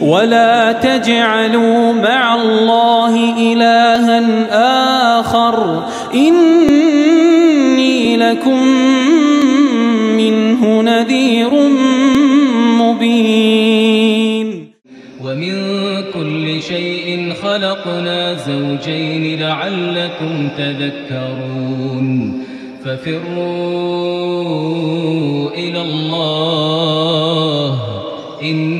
ولا تجعلوا مع الله إلها آخر إني لكم منه نذير مبين ومن كل شيء خلقنا زوجين لعلكم تذكرون ففروا إلى الله إن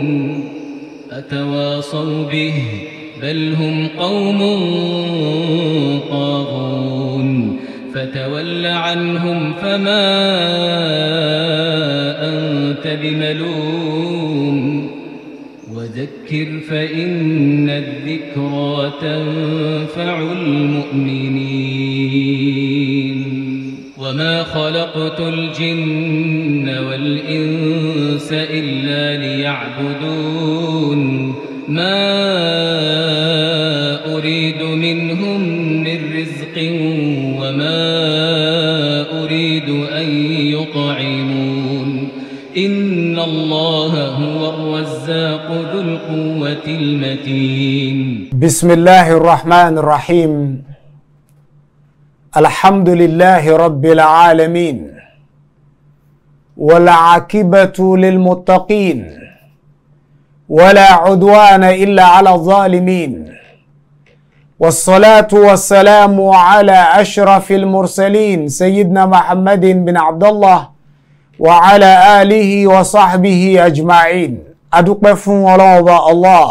تواصوا به بل هم قوم طاغون فتول عنهم فما أنت بملوم وذكر فإن الذكرى تنفع المؤمنين وما خلقت الجن والإنس إلا ليعبدون ما أريد منهم من رزق وما أريد أن يطعمون إن الله هو الرزاق ذو القوة المتين بسم الله الرحمن الرحيم الحمد لله رب العالمين والعاقبة للمتقين ولا عدوان الا على الظالمين والصلاه والسلام على اشرف المرسلين سيدنا محمد بن عبد الله وعلى اله وصحبه اجمعين adúpẹ́ fún ọlọ́run ọba allah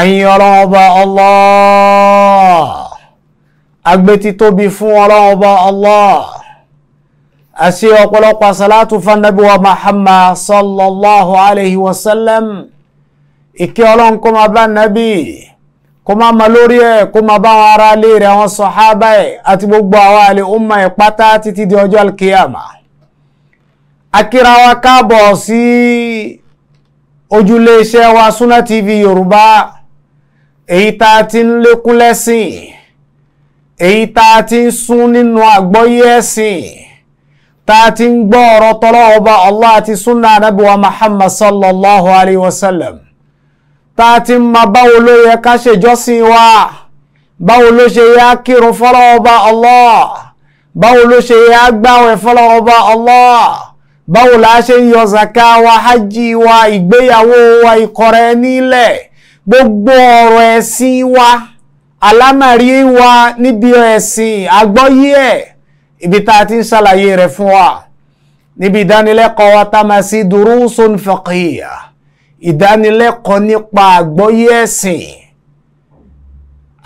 ẹ̀yin ọlọ́run ọba allah agbétítóbi fún àti ọ̀pọ̀lọpọ̀ salatu fanabi wa muhammad sallallahu alayhi wa sallam ìkẹ́ ọlọ́run kó máa bá nabi kó máa ma lórí ẹ̀ kó máa bá àwọn ará ilé rẹ̀ àwọn sọ̀hábà ẹ̀ àti gbogbo àwọn àlè umma ẹ̀ pátá títí di ọjọ́ alkiyama akíra wa káàbọ̀ sí ojúlé wa Sunna TV Yorùbá èyí tá a ti ń lékún lẹ́sìn èyí tá a ti ń sún nínú àgbọ́yé ẹ̀sìn ta ti ń gbọ́ ọ̀rọ̀ tọ́lọ́ ọba allah àti sunna anabi wa muhammad sallallahu alayhi wa sallam ta ti ma báwo ló yẹ ká ṣèjọ́sìn wa báwo ló ṣe yẹ á kírun fọ́lọ́ ọba allah báwo ló ṣe yẹ á gbàwẹ̀ fọ́lọ́ allah báwo la ṣe ń zaka wa hajj wa ìgbéyàwó wa ìkọ̀rẹ́ nílẹ̀ gbogbo ọ̀rọ̀ ẹ̀sìn wa alámàrí wa níbi ẹ̀sìn àgbọ́yé ẹ̀ ibi tá a ti ń ṣàlàyé rẹ̀ fún wa níbi ìdánilẹ́kọ̀ọ́ wa tá a máa sí durusun fiqhiyya ìdánilẹ́kọ̀ọ́ nípa àgbọ́yé ẹ̀sìn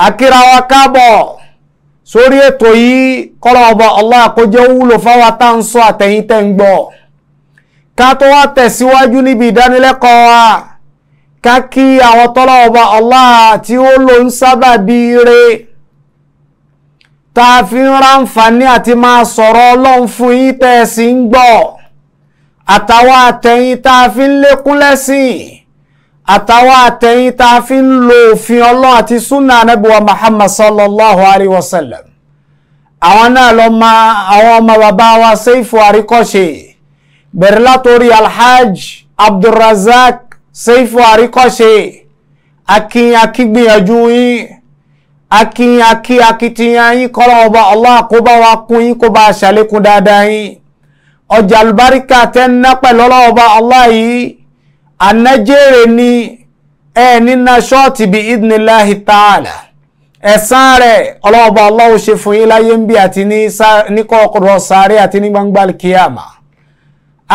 akíra wa káàbọ̀ sórí ètò yìí kọ́lọ̀ ọba Allah kó jẹ́ wúlò fáwa tá a ń sọ àtẹ̀yìn tẹ́ ń gbọ́ ká tó wá tẹ̀síwájú níbi ìdánilẹ́kọ̀ọ́ wa ká kí àwọn tọ́lọ̀ ọba Allah tí ó lò ń sábà bí tá a fi ń ráǹfààní àti máa sọ̀rọ̀ ọlọ́run fún yín tẹ́ ẹ sì ń gbọ́ àtàwọn àtẹ̀yìn tá a fi ń lékún lẹ́sìn àtàwọn àtẹ̀yìn tá a fi ń lo òfin ọlọ́run àti súnà anábìwá Muhammad sallallahu alayhi wa sallam àwọn náà lọ ma àwọn ọmọ bàbá wa Seifu Àríkọ́ṣe bẹ̀rẹ̀ látòrí Alhaj Abdulrazak Seifu Àríkọ́ṣe akínyakígbìyànjú yín akin akin akitiyan yín kọ́lọ́ ọba Allah kó bá wa kún yín kó bá a ṣàlékún dáadáa yín ọjà àlùbáríkà tẹ́ ń ná pẹ̀lú ọlọ́ọba Allah yìí ànájèrè ni ẹ nínà ṣọ́ọ̀tì bíi idnillahi ta'ala ẹ̀san rẹ̀ ọlọ́ọba Allah ó ṣe fún yín láyé ń bí àti ní kọ́kọ́rọ́ sáré àti ní gbangba kíyàmà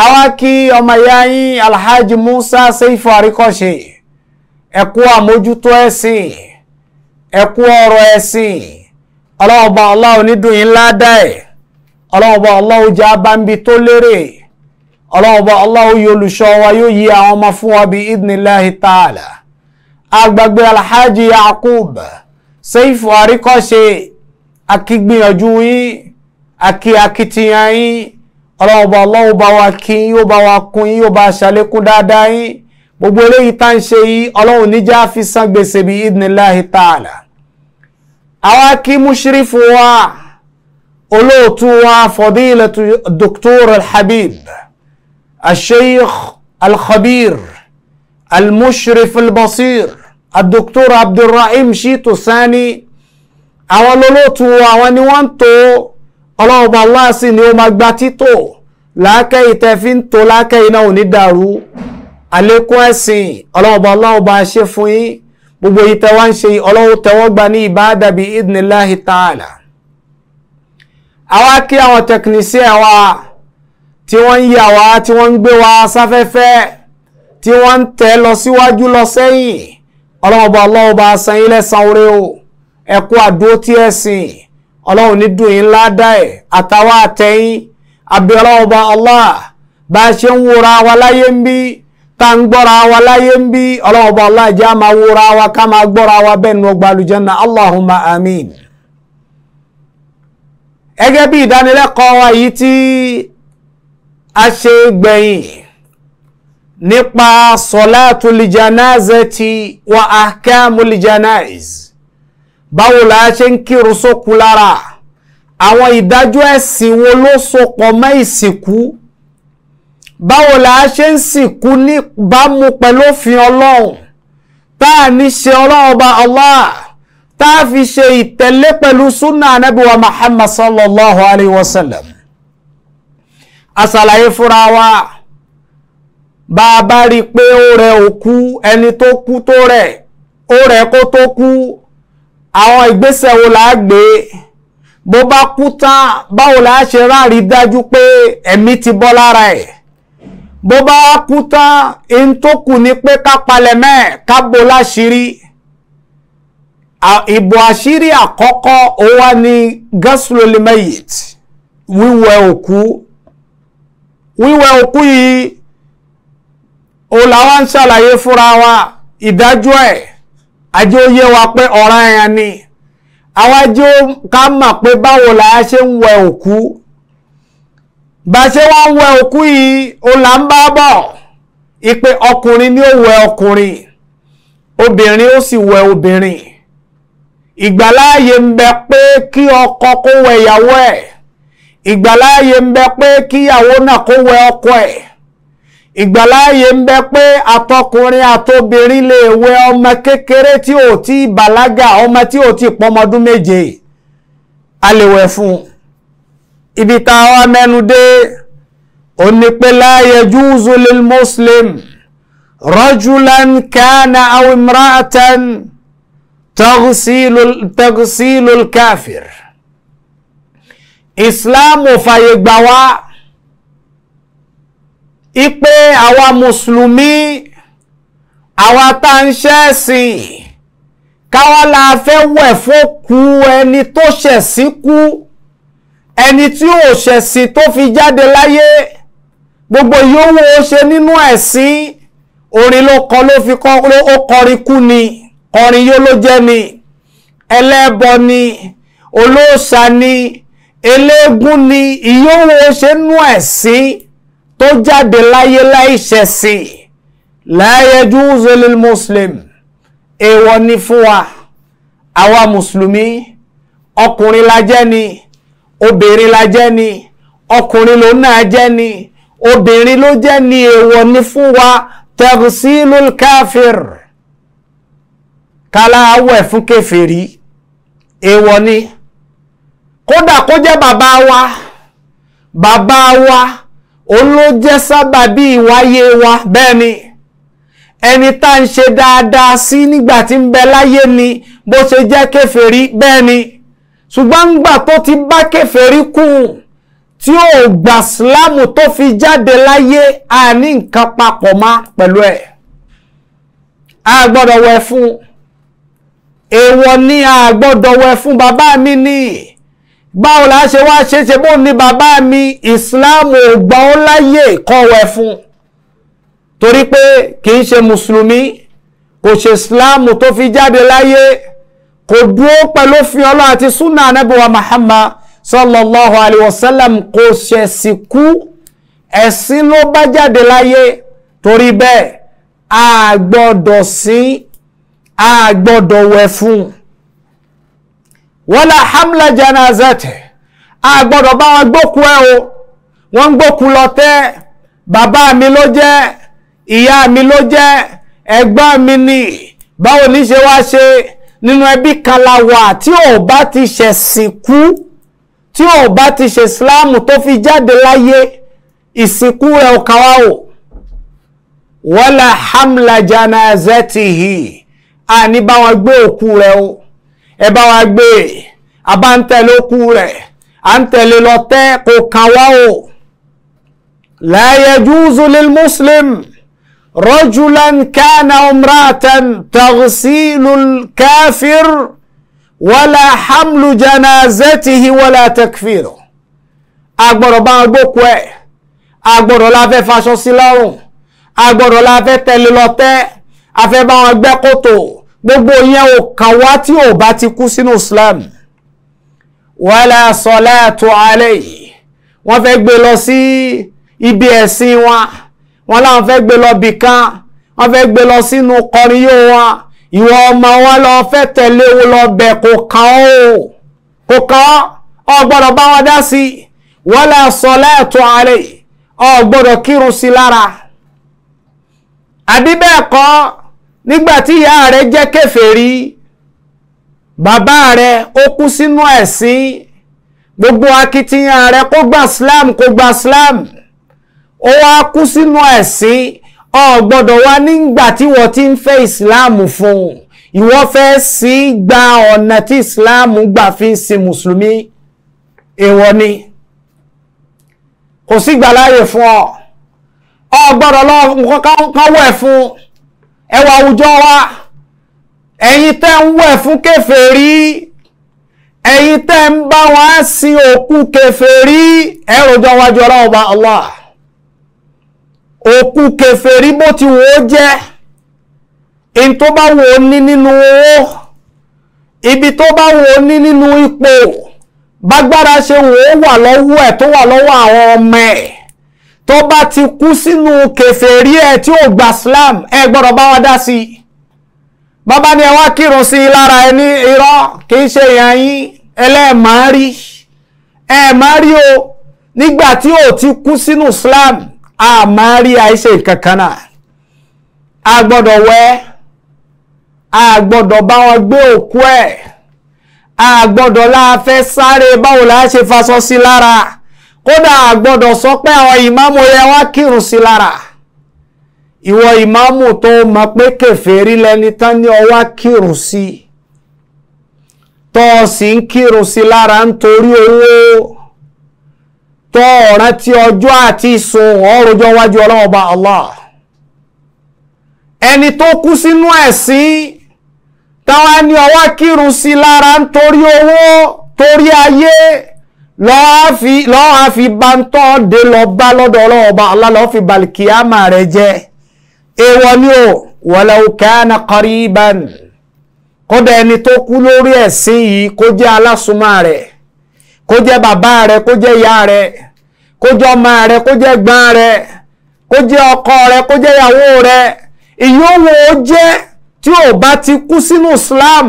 àwa kí ọmọ ìyá yín Alhaji Musa Seifu àríkọ̀ṣe ẹ̀kú àmójútó ẹ̀sìn ẹ̀kú ọ̀rọ̀ ẹ̀sìn ọlọ́ọ̀bá ọlọ́ọ̀ onídùn yín ládà ẹ̀ ọlọ́ọ̀bá ọlọ́ọ̀ jẹ́ abáǹbi tó lérè ọlọ́ọ̀bá ọlọ́ọ̀ yóò olùṣọ́ wa yóò yí àwọn ọmọ fún wa bíi idnillahi ta'ala agbàgbé alhaji yakub seifu àríkọ́ṣe akígbìyànjú yín akí akitiyan yín ọlọ́ọ̀bá ọlọ́ọ̀ bá wa kí yóò bá wa kún yín yóò bá ṣàlékún dáadáa yín. gbogbo eléyìí tá ń ṣe yìí ọlọ́run níjà fi san gbèsè bí idnillahi ta'ala àwa kí mushrifu wa olóòtú wa fadilatu dr alhabib الشيخ الخبير المشرف البصير الدكتور عبد الرحيم شيتو ثاني àwọn olólótú àwọn ni wọ́n ń tó ọlọ́ọ̀bà Allah sì ni ó máa gba títò láákẹ́ ìtẹ́fí ń tó láákẹ́ iná ò ní dàrú àlékún ẹ̀sìn ọlọ́wọ́ba ọlọ́wọ́ba ṣe fún yín gbogbo yìí tẹ́wọ́ ń ṣe ọlọ́wọ́ tẹ́wọ́ gbà ní ìbáàdà bíi idnillahi ta'ala. àwa kí àwọn tẹkinísíà wa tí wọ́n ń yà wá tí wọ́n ń gbé wa sáfẹ́fẹ́ tí wọ́n ń tẹ̀ lọ síwájú lọ sẹ́yìn ọlọ́wọ́ba ọlọ́wọ́ba san yín lẹ́san oore o ẹ àdúró tí ẹ̀sìn ọlọ́wọ́ ní dùn yín ládàá ẹ̀ àtàwọn àtẹ̀yìn àbí ọlọ́wọ́ba Allah bá a ṣe ń wòra wa láyé ń bí tá ń gbọ́ra wa láyé ń bí ọlọ́wọ́ bá aláàjẹ́ a máa wúra wa ká máa gbọ́ra wa bẹ́ẹ̀ nínú ọgbà àlùjánnà allahumma amin. gẹ́gẹ́ bí ìdánilẹ́kọ̀ọ́ wa yìí tí a ṣe gbẹ̀yìn nípa sọ̀láàtù lìjànáàzẹ́tì wa ahkamu lìjànáàz báwo la ṣe ń kírun sókú lára àwọn ìdájọ́ ẹ̀sìn wo ló so mọ́ ìsìnkú báwo la ṣe ń sìnkú níbàámu pẹ̀lú òfin ọlọ́run tá a ní ṣe ọlọ́run ọba Allah tá a fi ṣe ìtẹ̀lé pẹ̀lú súnà anábìwá Muhammad sallallahu alayhi wa a bá rí i pé ó rẹ òkú ẹni tó kú tó rẹ ó kó kú àwọn ìgbésẹ̀ wo la gbé bó bá kú tán báwo bó bá kú tán in tó kù ni pé ká palẹ̀ akọkọ ká bo láṣìírí ìbò àṣírí àkọ́kọ́ ó wá ní gastrolimeyit wíwẹ̀ òkú wíwẹ̀ òkú yìí ó làwa ń ṣàlàyé fúnra wa ìdájọ́ ẹ̀ ajé ó yé wa pé ni àwa ká pé báwo làá ṣe ń òkú. bá nwe wọ́n ń wẹ òkú yìí ipe okunrin ni o wẹ okunrin obinrin o si wẹ obinrin igbalaye ń pe ki oko ọkọ kó yawo e igbalaye ìgbàláàyè pe ki yawo na ko kó oko ọkọ igbalaye ìgbàláàyè pe atokunrin atobinrin le àtobìnrin lè wẹ ọmọ kékeré ti bàlágà ọmọ ti o ti pọmọdún meje a le we fun. ibi tá a wá mẹ́nu dé ó ní pé láàyè júùzù lil muslim rajulan kana aw imra'atan tagsilu káfíìr islam ò fàyè gbà wá ipe àwa mùsùlùmí àwa tá ń ṣẹ̀sìn káwa la fẹ́ wẹ̀ fún ku ẹni tó ṣẹ̀ sí kú ẹni tí ò ṣẹ̀sìn tó fi jáde láyé gbogbo yòówù ó ṣe nínú ẹ̀sìn orin ló kọ ló fi kọ ó kọrin kú ni kọrin yó ló jẹ́ ni ẹlẹ́bọ ni olóòṣà ni eléégún ni ìyówó ṣe nú ẹ̀sìn tó jáde láyé láìṣẹ̀sìn láyẹjú zolil muslim èèwọ̀ ni fún wa àwa mùsùlùmí ọkùnrin la jẹ́ ni obìnrin la jẹ́ ni ọkùnrin ló náà jẹ́ ni obìnrin ló jẹ́ ni èèwọ̀ ni fún wa tẹ̀sílùl káfíìr kálá awẹ̀ fún kẹfìrí èèwọ̀ ni kódà kó jẹ́ bàbá wa bàbá wa òun ló jẹ́ sábàbí ìwáyé wa bẹ́ẹ̀ ni ẹni tá à ń ṣe dáadáa sí nígbà tí ń bẹ láyé ni bó ṣe jẹ́ kẹfìrí bẹ́ẹ̀ ni ṣùgbọ́n gbà tó ti bá kèfèrí kùn tí ó gbà sílámù tó fi jáde láyé a ní nǹkan papọ̀ má pẹ̀lú ẹ̀ a gbọ́dọ̀ wẹ̀ fún èèwọ̀ ni a gbọ́dọ̀ wẹ̀ fún bàbá mi ní báwo la ṣe wá ṣe ṣe bó ní bàbá mi ìsìláàmù ò gbà ó láyè kọ́ wẹ̀ fún torí pé kì í ṣe mùsùlùmí kò ṣe ìsìláàmù tó fi jáde láyé. kò ó pẹ̀lú fi ọlọ́ àti súnà anábìwá Muhammad sallallahu alayhi wa sallam kò ṣẹ̀sì kú ẹ̀sìn ló bá jáde láyé torí bẹ́ẹ̀ a gbọ́dọ̀ sìn a gbọ́dọ̀ wẹ̀ fún hamla janazate a gbọ́dọ̀ bá wọn gbókú ẹ o wọ́n ń lọ tẹ́ bàbá mi ni báwo ní nínú ẹbí kan la wà tí ò bá ti ṣẹ̀sìnkú tí ò bá ti ṣe ìsìláàmù tó fi jáde láyé ìsìnkú rẹ̀ ò kàwá o wala hamla janazatihi àní bá wọn gbé òkú rẹ̀ o ẹ bá wa gbé e. a bá ń tẹ̀lé òkú rẹ̀ à ń tẹ̀lé lọ kò kàwá o la yajuzu lil muslim. رجلا كان امرأة تغسيل الكافر ولا حمل جنازته ولا تكفيره agbọ́dọ̀ bá wọn gbókù ẹ̀ agbọ́dọ̀ la fẹ́ faṣọ sí lọ́rùn agbọ́dọ̀ la fẹ́ tẹ̀lé lọ́tẹ́ afẹ́ bá wọn gbẹ́ kòtò gbogbo yẹn ò kàn wá tí ò bá ti kú sínú Islam wala salatu alayhi wọ́n fẹ́ gbé lọ sí ibi ẹ̀sìn wọn wọn láwọn fẹ́ gbé lọ bì kan wọn fẹ́ gbé lọ sínú kọrin yóò wọn ìwọ ọmọ wọn lọ fẹ́ tẹ̀lé wọn lọ bẹ̀ kò kàn ó kò kàn ó ọ gbọ́dọ̀ bá wọn dá sí wala salatu alayhi ọ gbọ́dọ̀ kírun sí lára àbí nígbà tí ìyá rẹ̀ jẹ́ kèfèrí bàbá rẹ̀ ó kú sínú ẹ̀sìn gbogbo akitiyan rẹ̀ kó gba Islam kó gba Islam ó wá kú sínú ẹ̀sìn ọ gbọ́dọ̀ wá nígbà tí wọ́n ti ń fẹ́ ìsìláàmù fún un ìwọ fẹ́ sí gba ọ̀nà tí ìsìláàmù gbà fi ń sin mùsùlùmí èèwọ̀ ni kò sí gbàláyè fún ọ ọ gbọ́dọ̀ lọ nǹkan wẹ̀ fún ẹwà àwùjọ wa ẹ̀yin tẹ́ ń wẹ̀ fún kèfèrí ẹ̀yin tẹ́ ń bá wọn sin òkú kèfèrí ẹ̀rọ̀jọ́ wájú ọlọ́run bá Allah òkú kèfèrí bó ti wò ó jẹ́ in tó bá wò ó ní nínú owó ibi tó bá wò ó ní nínú ipò bágbára ṣe wò ó wà lọ́wọ́ ẹ̀ tó wà lọ́wọ́ àwọn ọmọ ẹ̀ tó bá ti kú sínú kèfèrí ẹ̀ tí ò gba Islam ẹ gbọ́dọ̀ bá wa dá sí i bàbá ni ẹ wá kírun sí i lára ẹni irọ́ kì í ṣe èèyàn yín ẹlẹ́ẹ̀márí ẹ̀ẹ̀márí o nígbà tí ò ti kú sínú Islam a máa rí àìsè kankan náà a gbọ́dọ̀ wẹ̀ a gbọ́dọ̀ bá wọn gbé òkú ẹ̀ a gbọ́dọ̀ láàfẹ́ sáré báwo la ṣe faṣọ sí lára kódà a gbọ́dọ̀ sọ pé àwọn ìmáàmù yẹn wá kírun sí lára ìwọ ìmáàmù tó mọ̀ pé kèfèrí lẹni tán ní ọwá kírun sí tọ́ ọ sì ń kírun sí lára nítorí owó tó ọ̀ràn tí ọjọ́ àti sùn ọ̀rọ̀jọ́ wájú ọlọ́run ọba Allah ẹni tó kú sínú ẹ̀sìn táwa ní ọwọ́ kírun sí lára nítorí owó torí ayé lọ́wọ́ fi bá ń tọ́ de lọ bá lọ́dọ̀ ọlọ́run ọba Allah lọ́wọ́ fi balikiyama rẹ̀ jẹ́ èèwọ̀ ni o walau kana qariban kódà ẹni tó kú lórí ẹ̀sìn yìí kó jẹ́ alásùnmọ́ rẹ̀ kó jẹ́ bàbá rẹ̀ kó jẹ́ ìyá rẹ̀ kó jẹ́ ọmọ rẹ kó jẹ́ rẹ kó ọkọ rẹ kó jẹ́ ìyàwó rẹ ìyówó ó jẹ́ tí o bá ti kú sínú Islam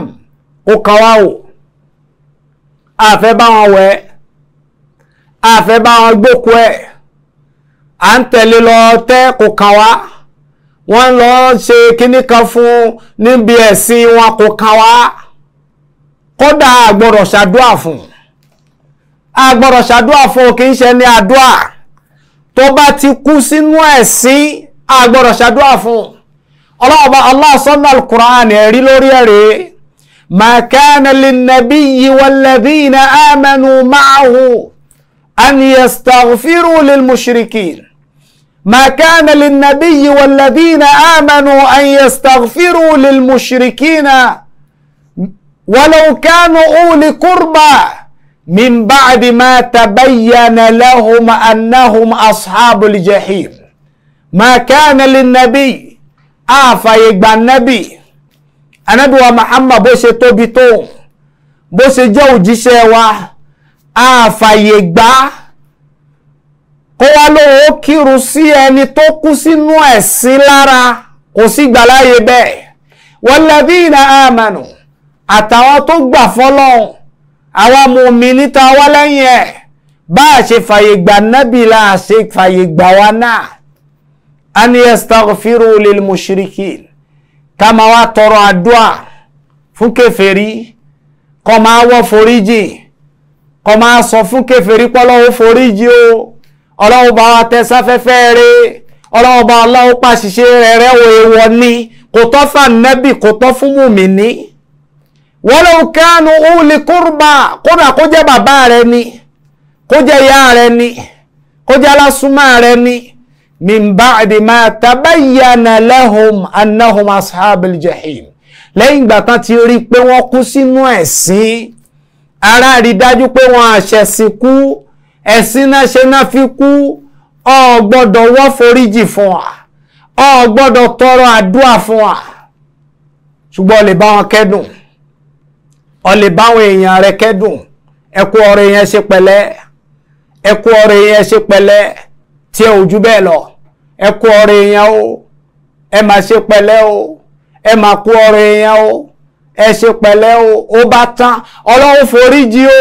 kò kàn wá o àfẹ́ bá wọn wẹ̀ àfẹ́ bá wọn gbókù ẹ̀ à lọ ṣe kíní kan fún níbi ẹ̀sìn wọn kò kàn wá kódà fún agboro gbọ́dọ̀ ṣàdúà fún o kì í ṣe ní àdúà tó bá ti kú sínú ẹ̀sìn agboro gbọ́dọ̀ ṣàdúà fún ọlọ́ọ̀bá Allah sona alquran al-Qur'an ẹ̀rí lórí ere ma kana lin-nabiyyi wal-ladhina amanu ma'ahu an yastaghfiru lil-mushrikin ma kana lin-nabiyyi wal-ladhina amanu an yastaghfiru lil-mushrikina walau min ba'di ma tabayyana lahum annahum ashabul jahim ma kana linnabi àfàyè gba nabi anabi wa muhammad bó ṣe tóbi tó bó ṣe jẹ́ òjíṣẹ́ wa àfàyè gbà kó wá lówó kírun sí ẹni tó kú sínú ẹ̀sìn lára kò sí gbàláyè bẹ́ẹ̀ walladhina amanu àtàwọn tó gbà fọlọ́hún àwa mùmíní tá wá lẹ́yìn ẹ̀ bá a ṣe fàyè gbà nábì là á ṣe fàyè gbà wá náà an yastaghfiru lil mushrikin ká máa wá tọrọ àdúà fún kèfèrí kó máa wọ́ foríjì kó máa sọ fún kèfèrí pọ́lọ́wọ́ foríjì o ọlọ́wọ́ bá wa tẹ sáfẹ́fẹ́ rẹ̀ ọlọ́wọ́ bá ọlọ́wọ́ pàṣíṣe rẹ̀ rẹ̀ wọ̀ èèwọ̀ ni kò tọ́ fún ànábì kò tọ́ fún mùmíní walau kanu uli kurba kódà kó jẹ́ bàbá rẹ ni kó jẹ́ ìyá rẹ ni kó jẹ́ alásùnmọ́ rẹ ni min ba'di ma tabayyana lahum annahum ashabil jahim lẹ́yìn ìgbà tán ti rí pé wọ́n kú sínú ẹ̀sìn ara rí dájú pé wọ́n àṣẹ̀sìn kú ẹ̀sìn náà ṣe náà fi kú ọ gbọ́dọ̀ wọ́n foríjì fún wa ọ gbọ́dọ̀ tọrọ àdúrà fún wa ṣùgbọ́n lè bá wọn kẹ́dùn ọ̀lẹ̀ báwọn èèyàn rẹ kẹ́dùn ẹ kú ọrẹ yẹn ṣe pẹ̀lẹ́ ẹ kú ọrẹ yẹn ṣe pẹ̀lẹ́ tí ẹ ò jù bẹ́ẹ̀ lọ ẹ kú ọrẹ yẹn o ẹ máa ṣe pẹ̀lẹ́ o ẹ máa kú ọrẹ yẹn o ẹ ṣe pẹ̀lẹ́ o ó bá tán ọlọ́run foríjì o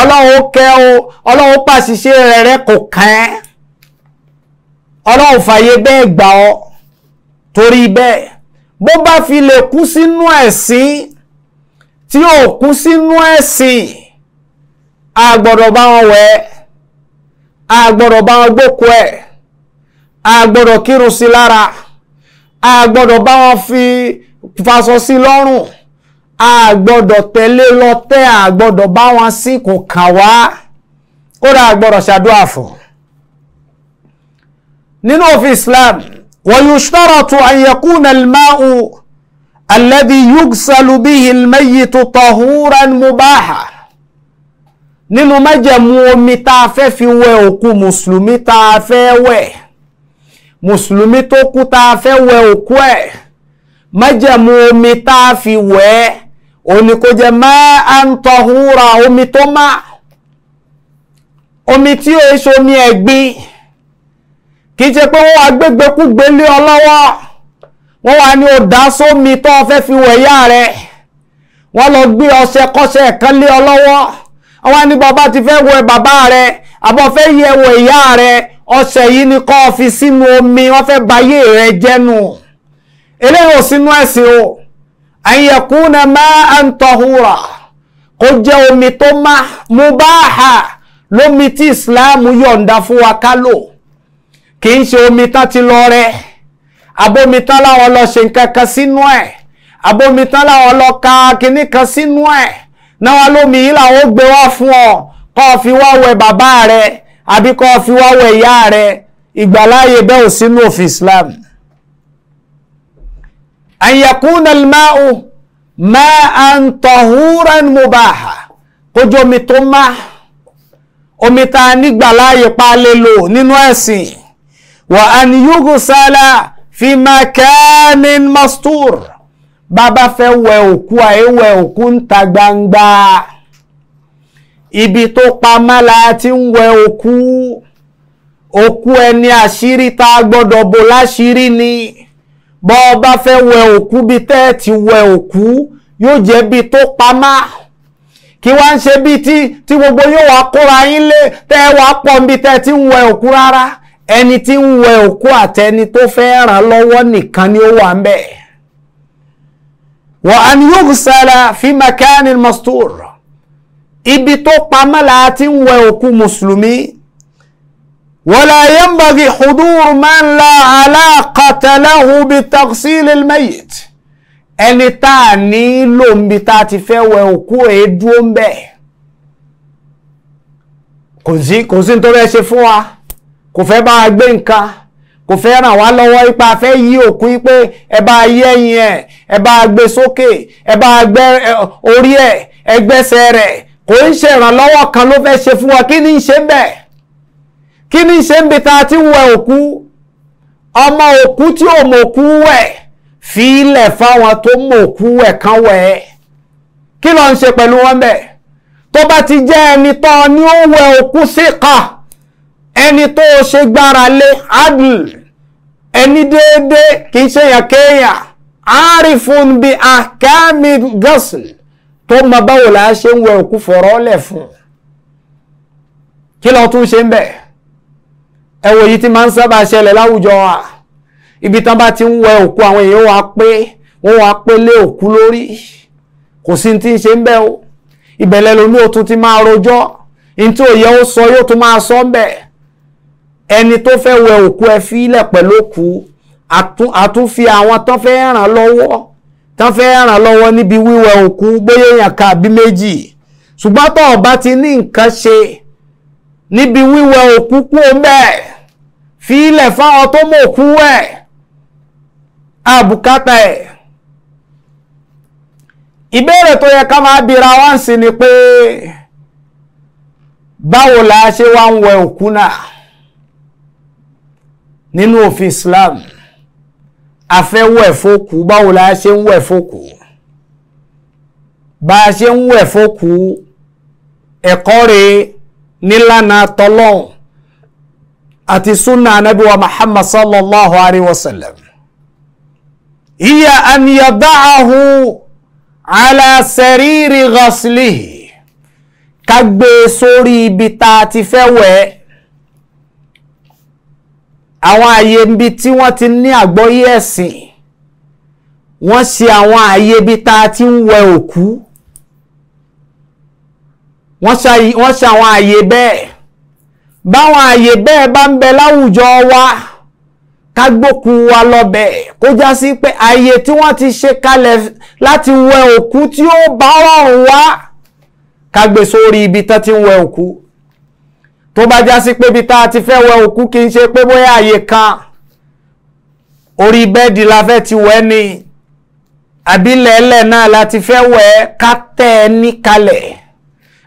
ọlọ́run kẹ́ o ọlọ́run pàṣíṣe rẹ̀ rẹ̀ kò kàn ẹ́ ọlọ́run fàyè bẹ́ẹ̀ gbà ọ́ torí bẹ́ẹ̀ bó bá fi lè kú sínú ẹ̀sìn tí ò kún sínú ẹ̀sìn a gbọ́dọ̀ bá wọn wẹ̀ a gbọ́dọ̀ bá wọn gbóko ẹ̀ a gbọ́dọ̀ kírun sí lára a bá wọn fi faṣọ sí lọ́rùn a tẹ̀lé lọ́tẹ̀ a bá wọn sí kò kàn wá kódà a ṣàdúrà fún nínú òfin Islam wa yushtaratu an yakuna al-ma'u alladhi yugsalu bihi almayitu tahuran mubaha nínú májẹ̀mú omi tá a fẹ́ fi wẹ òkú mùsùlùmí tá a fẹ́ wẹ̀ mùsùlùmí tó kú tá a fẹ́ wẹ òkú ẹ̀ májẹ̀mú omi tá fi wẹ̀ òní kò jẹ́ ma'an tahura omi tó má omi tí ó ṣe omi ẹ̀gbin kì í ṣe pé wọ́n wá gbégbé kú gbélé ọ lọ́wọ́ wọ́n wá ní ó dá sómi tó fẹ́ fi wẹ̀ ìyá rẹ̀ wọ́n lọ gbé ọṣẹ kọ́ṣẹ kan lé ọ lọ́wọ́ àwọn ní bàbá ti fẹ́ wẹ̀ bàbá rẹ̀ àbọ̀ fẹ́ yẹ wẹ̀ ìyá rẹ̀ ọṣẹ yìí ni kó fi sínú omi wọ́n fẹ́ bayé rẹ̀ jẹ́nu eléyìí ò sínú ẹ̀sìn o àyẹ̀kúnà máa ń tọ̀húrà kó jẹ́ omi tó má mubaha lómi tí ìsìláàmù yọ̀ǹda fún wa ká lò kì í ṣe omi tá ti lọ rẹ̀ abomitan láwọn lọ ṣe nǹkan kan sínú ẹ̀ abomitan láwọn lọ ka kinní kan sínú ẹ̀ náà lómi yìí làwọn ó gbé wá fún ọ kọ́ ọ fi wá wẹ bàbá rẹ àbí kọ́ ọ fi wá wẹ ìyá rẹ ìgbàláyè bẹ́ẹ̀ ò sínú òfin Islam. an yakuna al-ma'u ma'an tahuran mubaha kójú omi tó má omi tá nígbàláyè pa lè lò nínú ẹ̀sìn wa an yughsala fi makanin mastur bàbá fẹ́ wẹ òkú àìwẹ òkú ń ta gbangba ibi tó pamọ́ la ti ń wẹ òkú òkú ẹni àṣírí tá a gbọ́dọ̀ bò láṣírí ni bọ́ ọ bá fẹ́ wẹ òkú bíi tẹ́ ẹ ti wẹ òkú yóò jẹ́ bíi tó pamọ́ kí wá ń ṣe bíi tí tí gbogbo yóò wá kóra yín lé tẹ́ ẹ wá pọ̀ níbi tẹ́ ẹ ti ń wẹ òkú rárá ẹni tí ń wẹ òkú àtẹni tó fẹ́ ràn lọ́wọ́ nìkan ni ó wà ń bẹ̀. wa an yughsala fi makanin mastur ibi tó pamọ́ la ti ń wẹ òkú mùsùlùmí. wala yanbaghi hudur man la alaqata bi taghsil al ẹni tá a ní lòmbi tá a ti fẹ́ wẹ òkú èédú ń bẹ̀. kò sí kò sí nítorí ẹ ṣe fún wa. kò fẹ́ bá a gbé nǹkan kò fẹ́ ràn wá lọ́wọ́ ipa fẹ́ yí òkú pé ẹ bá yí ẹ bá gbé sókè ẹ bá orí ẹ ẹgbẹ́sẹ̀ rẹ kò ń ṣe ìrànlọ́wọ́ kan ló fẹ́ ṣe fún wa kí ni ń ṣe bẹ́ẹ̀ kí ti wẹ òkú ọmọ òkú tí ò mọ òkú fi ilẹ̀ fáwọn mọ òkú wẹ wẹ kí ló wọn bẹ́ẹ̀ tó bá ti jẹ́ ẹni tán ni wẹ òkú síkà. Si ẹni tó o ṣe gbára lé adl ẹni déédé kì í ṣe yàn kéèyàn arifun bi akami gasl tó mọ báwo la ṣe ń wẹ òkú fọ̀rọ̀ lẹ̀ fún kí ló tún ṣe ń bẹ̀ ẹ wò yìí tí máa ń sábà ṣẹlẹ̀ láwùjọ wa ibi tán bá ti ń wẹ òkú àwọn èèyàn wa pé wọ́n wa pé lé òkú lórí kò sí ti ń ṣe ń bẹ̀ o ìbẹ̀lẹ̀ lomi ò ti máa rojọ́ ní tí òye ó sọ yóò tún máa sọ ń bẹ̀ ẹni tó fẹ́ wẹ òkú ẹ fílẹ̀ pẹ̀lú òkú àtúnfi àwọn ti ní nǹkan ṣe níbi wíwẹ òkú kú bẹ́ẹ̀ fílẹ̀ fáwọn tó mọ̀ òkú ẹ̀ àbùkátà ẹ̀ ìbéèrè tó yẹ ká máa bira wá ni pé báwo la ṣe wá ń wẹ òkú nínú òfin Islam a fẹ́ wẹ̀ fókù báwo la ṣe ń wẹ̀ fókù bá a ṣe ń wẹ̀ fókù ẹ̀kọ́ rẹ̀ nílànà tọ́lọ́hùn àti sunna anabi wa Muhammad sallallahu alayhi wa sallam hiya an yada'ahu ala sariri ghaslihi ká e sórí ibi tá a ti fẹ́ wẹ̀ àwọn àyè ibi tí wọ́n ti ní àgbọ́yé ẹ̀sìn wọ́n ṣe àwọn àyè ibi tá a ti ń wẹ òkú wọ́n ṣe àwọn àyè bẹ́ẹ̀ báwọn àyè bẹ́ẹ̀ bá ń bẹ láwùjọ wa ká gbókù wa lọ́bẹ̀ kó já sí pé àyè tí wọ́n ti ṣe kalẹ̀ láti wẹ òkú tí ó bá rọrùn wá ká gbé sórí ibi tán ti ń wẹ òkú tó bá já sí pé ibi tá a ti fẹ́ wẹ òkú kì í ṣe pé bóyá àyè kan orí bẹ́ẹ̀dì la fẹ́ ti wẹ̀ ni àbí lẹ́ẹ̀lẹ́ náà la ti fẹ́ wẹ̀ ká tẹ́ ẹ níkalẹ̀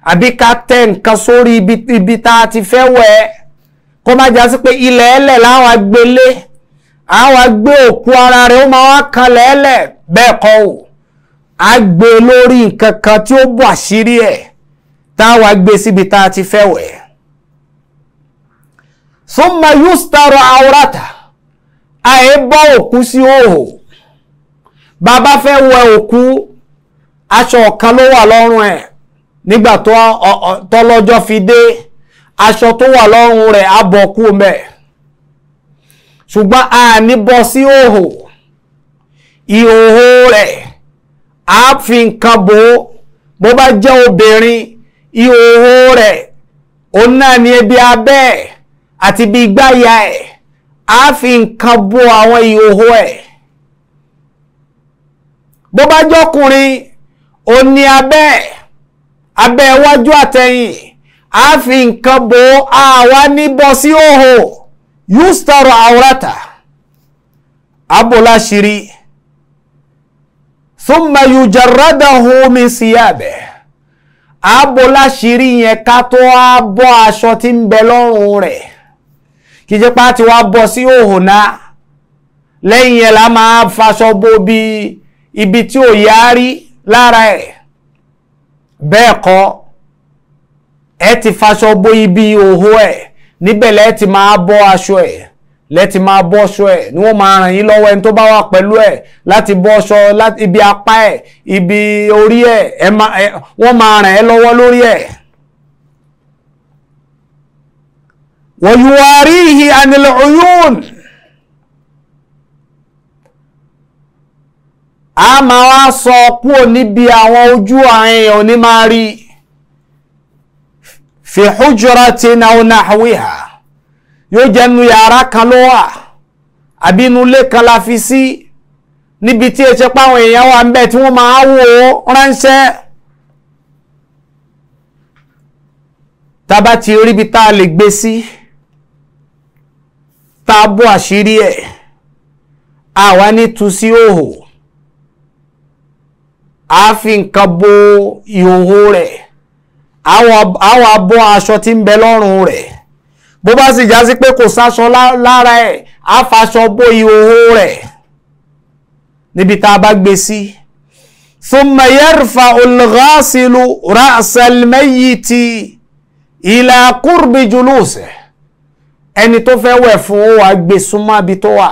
àbí ká tẹ́ nǹkan sórí ibi tá a ti fẹ́ wẹ̀ kó má já sí pé ilẹ̀ láwọn agbélé àwọn agbé òkú ara rẹ̀ ó máa wá kan lẹ́ẹ̀lẹ̀ bẹ́ẹ̀ kọ́ ò á gbé lórí nǹkan kan tí ó bọ̀ àṣírí ẹ̀ táwọn agbé síbi tá a ti fẹ́ wẹ̀ súnmọ yústàrọ àwòrátà àyè e bọ́ òkú sí òhò bàbá fẹ́ wẹ òkú aṣọ ọ̀kan ló wà lọ́rùn ẹ̀ nígbà fi dé aṣọ tó wà lọ́rùn rẹ̀ a a fi nǹkan bò bó bá obìnrin ebi àti bí ya ẹ̀ á fi nǹkan bo àwọn ìhòhò ẹ̀ bó bá jọkùnrin ó ní abẹ́ abẹ́ iwájú àtẹ̀yìn á fi nǹkan bo àwa níbọ̀ sí òhò yóò sọ̀rọ̀ àwòrátà abòláṣírí thumma yujarradahu min siyabe abòláṣírí yẹn ká tó á bọ́ aṣọ tí ń bẹ lọ́rùn rẹ̀. kì í jẹ́ pa ti wá bọ́ sí òhò náà lẹ́yìn ẹ̀ la máa faṣọ bo bí ibi tí ò yá rí lára ẹ̀ bẹ́ẹ̀ kọ́ ẹ ti faṣọ bo ibi òhò ẹ̀ níbẹ̀ lẹ́ ti máa bọ́ aṣọ ẹ̀ lẹ́ti máa bọ́ṣọ ẹ̀ ni wọ́n máa ràn yín lọ́wọ́ ẹni tó bá wà pẹ̀lú ẹ̀ láti bọ́ṣọ ibi apá ẹ̀ ibi orí ẹ̀ wọ́n máa ràn ẹ́ lọ́wọ́ lórí ẹ̀. ويواريه عن العيون a máa sọ kúrò níbi àwọn ojú àwọn èèyàn ò ní máa rí fi hujratin yóò jẹ́ yàrá kan ló wà àbí inú sí níbi tí èèyàn tí tá a bọ́ àṣírí ẹ̀ àwa ní tú sí òhò a fi nǹkan bo ìhòhò rẹ̀ àwọn abọ́ aṣọ tí ń bẹ lọ́rùn rẹ̀ bó bá sì já sí pé kò sáṣọ lára ẹ̀ á faṣọ bo ìhòhò rẹ̀ níbi tá a bá gbé sí. thumma yarfa'ul ghasilu ra'sal mayyiti ila qurbi julusihi ẹni tó fẹ́ wẹ̀ fún ó wàá gbé súnmọ́ ibi tó wà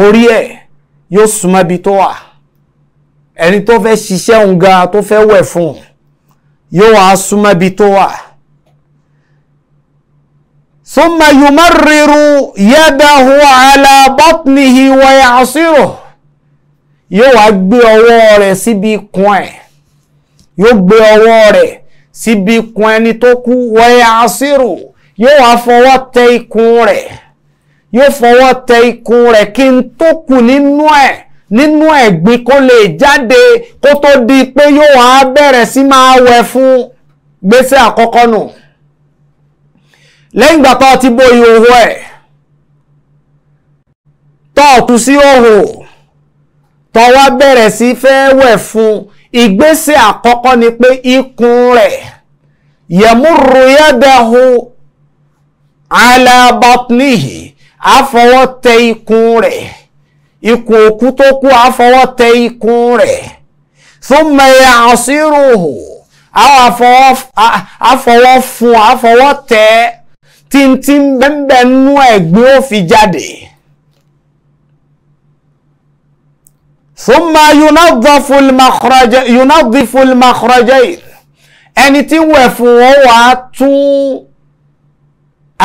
orí ẹ̀ yóò súnmọ́ ibi tó wà ẹni tó fẹ́ ṣiṣẹ́ òun ga tó fẹ́ wẹ̀ fún yóò wàá súnmọ́ ibi tó wà. ثم يمرر يده على بطنه ويعصره yóò wá gbé ọwọ́ rẹ̀ síbi ikùn ẹ̀ yóò gbé ọwọ́ rẹ̀ síbi ikùn ẹni yóò wá fọwọ́ tẹ ikùn rẹ̀ yóò fọwọ́ tẹ ikùn rẹ̀ kí n tó kù nínú ẹ̀ nínú ẹ̀gbin kó lè jáde kó tó di pé yóò wá bẹ̀rẹ̀ sí máa wẹ̀ fún gbèsè àkọ́kọ́ nù lẹ́yìn ìgbà tó ti bo ìhòòhò ẹ̀ tó tú sí òhò tó wá bẹ̀rẹ̀ sí fẹ́ wẹ̀ fún ìgbésẹ̀ àkọ́kọ́ ni pé ikùn rẹ̀ yẹ̀mú ròyẹ́dẹ̀hùn alábọ́tìnìhì àfọwọ́ tẹ ikùn rẹ̀ ikùn òkú tó kú àfọwọ́ tẹ ikùn rẹ̀ thumma ya'siruhu àfọwọ́ fún àfọwọ́ tẹ títí bẹ́ẹ̀ nú ẹ̀gbin ó fi jáde. thumma yunadhifu al ẹni tí wẹ̀ fún wọn wàá tún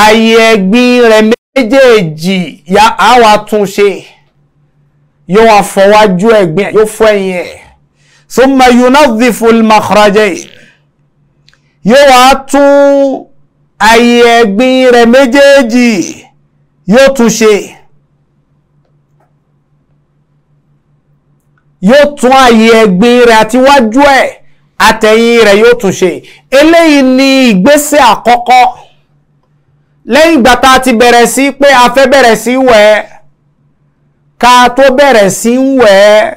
àyè ẹ̀gbin rẹ̀ méjèèjì yá á wá tún ṣe yóò wá fọwájú ẹ̀gbin yóò fọ ẹ̀yìn ẹ̀ summa yunadhifu al-makhrajayn yóò wá tún àyè ẹ̀gbin rẹ̀ méjèèjì yóò tún yóò tún àyè ẹ̀gbin rẹ̀ àti wájú ẹ̀ àtẹ̀yìn rẹ̀ yóò tún eléyìí ni ìgbésẹ̀ àkọ́kọ́ lẹ́yìn ìgbà tá a ti bẹ̀rẹ̀ sí pé a fẹ́ bẹ̀rẹ̀ sí wẹ̀ ká tó bẹ̀rẹ̀ sí wẹ̀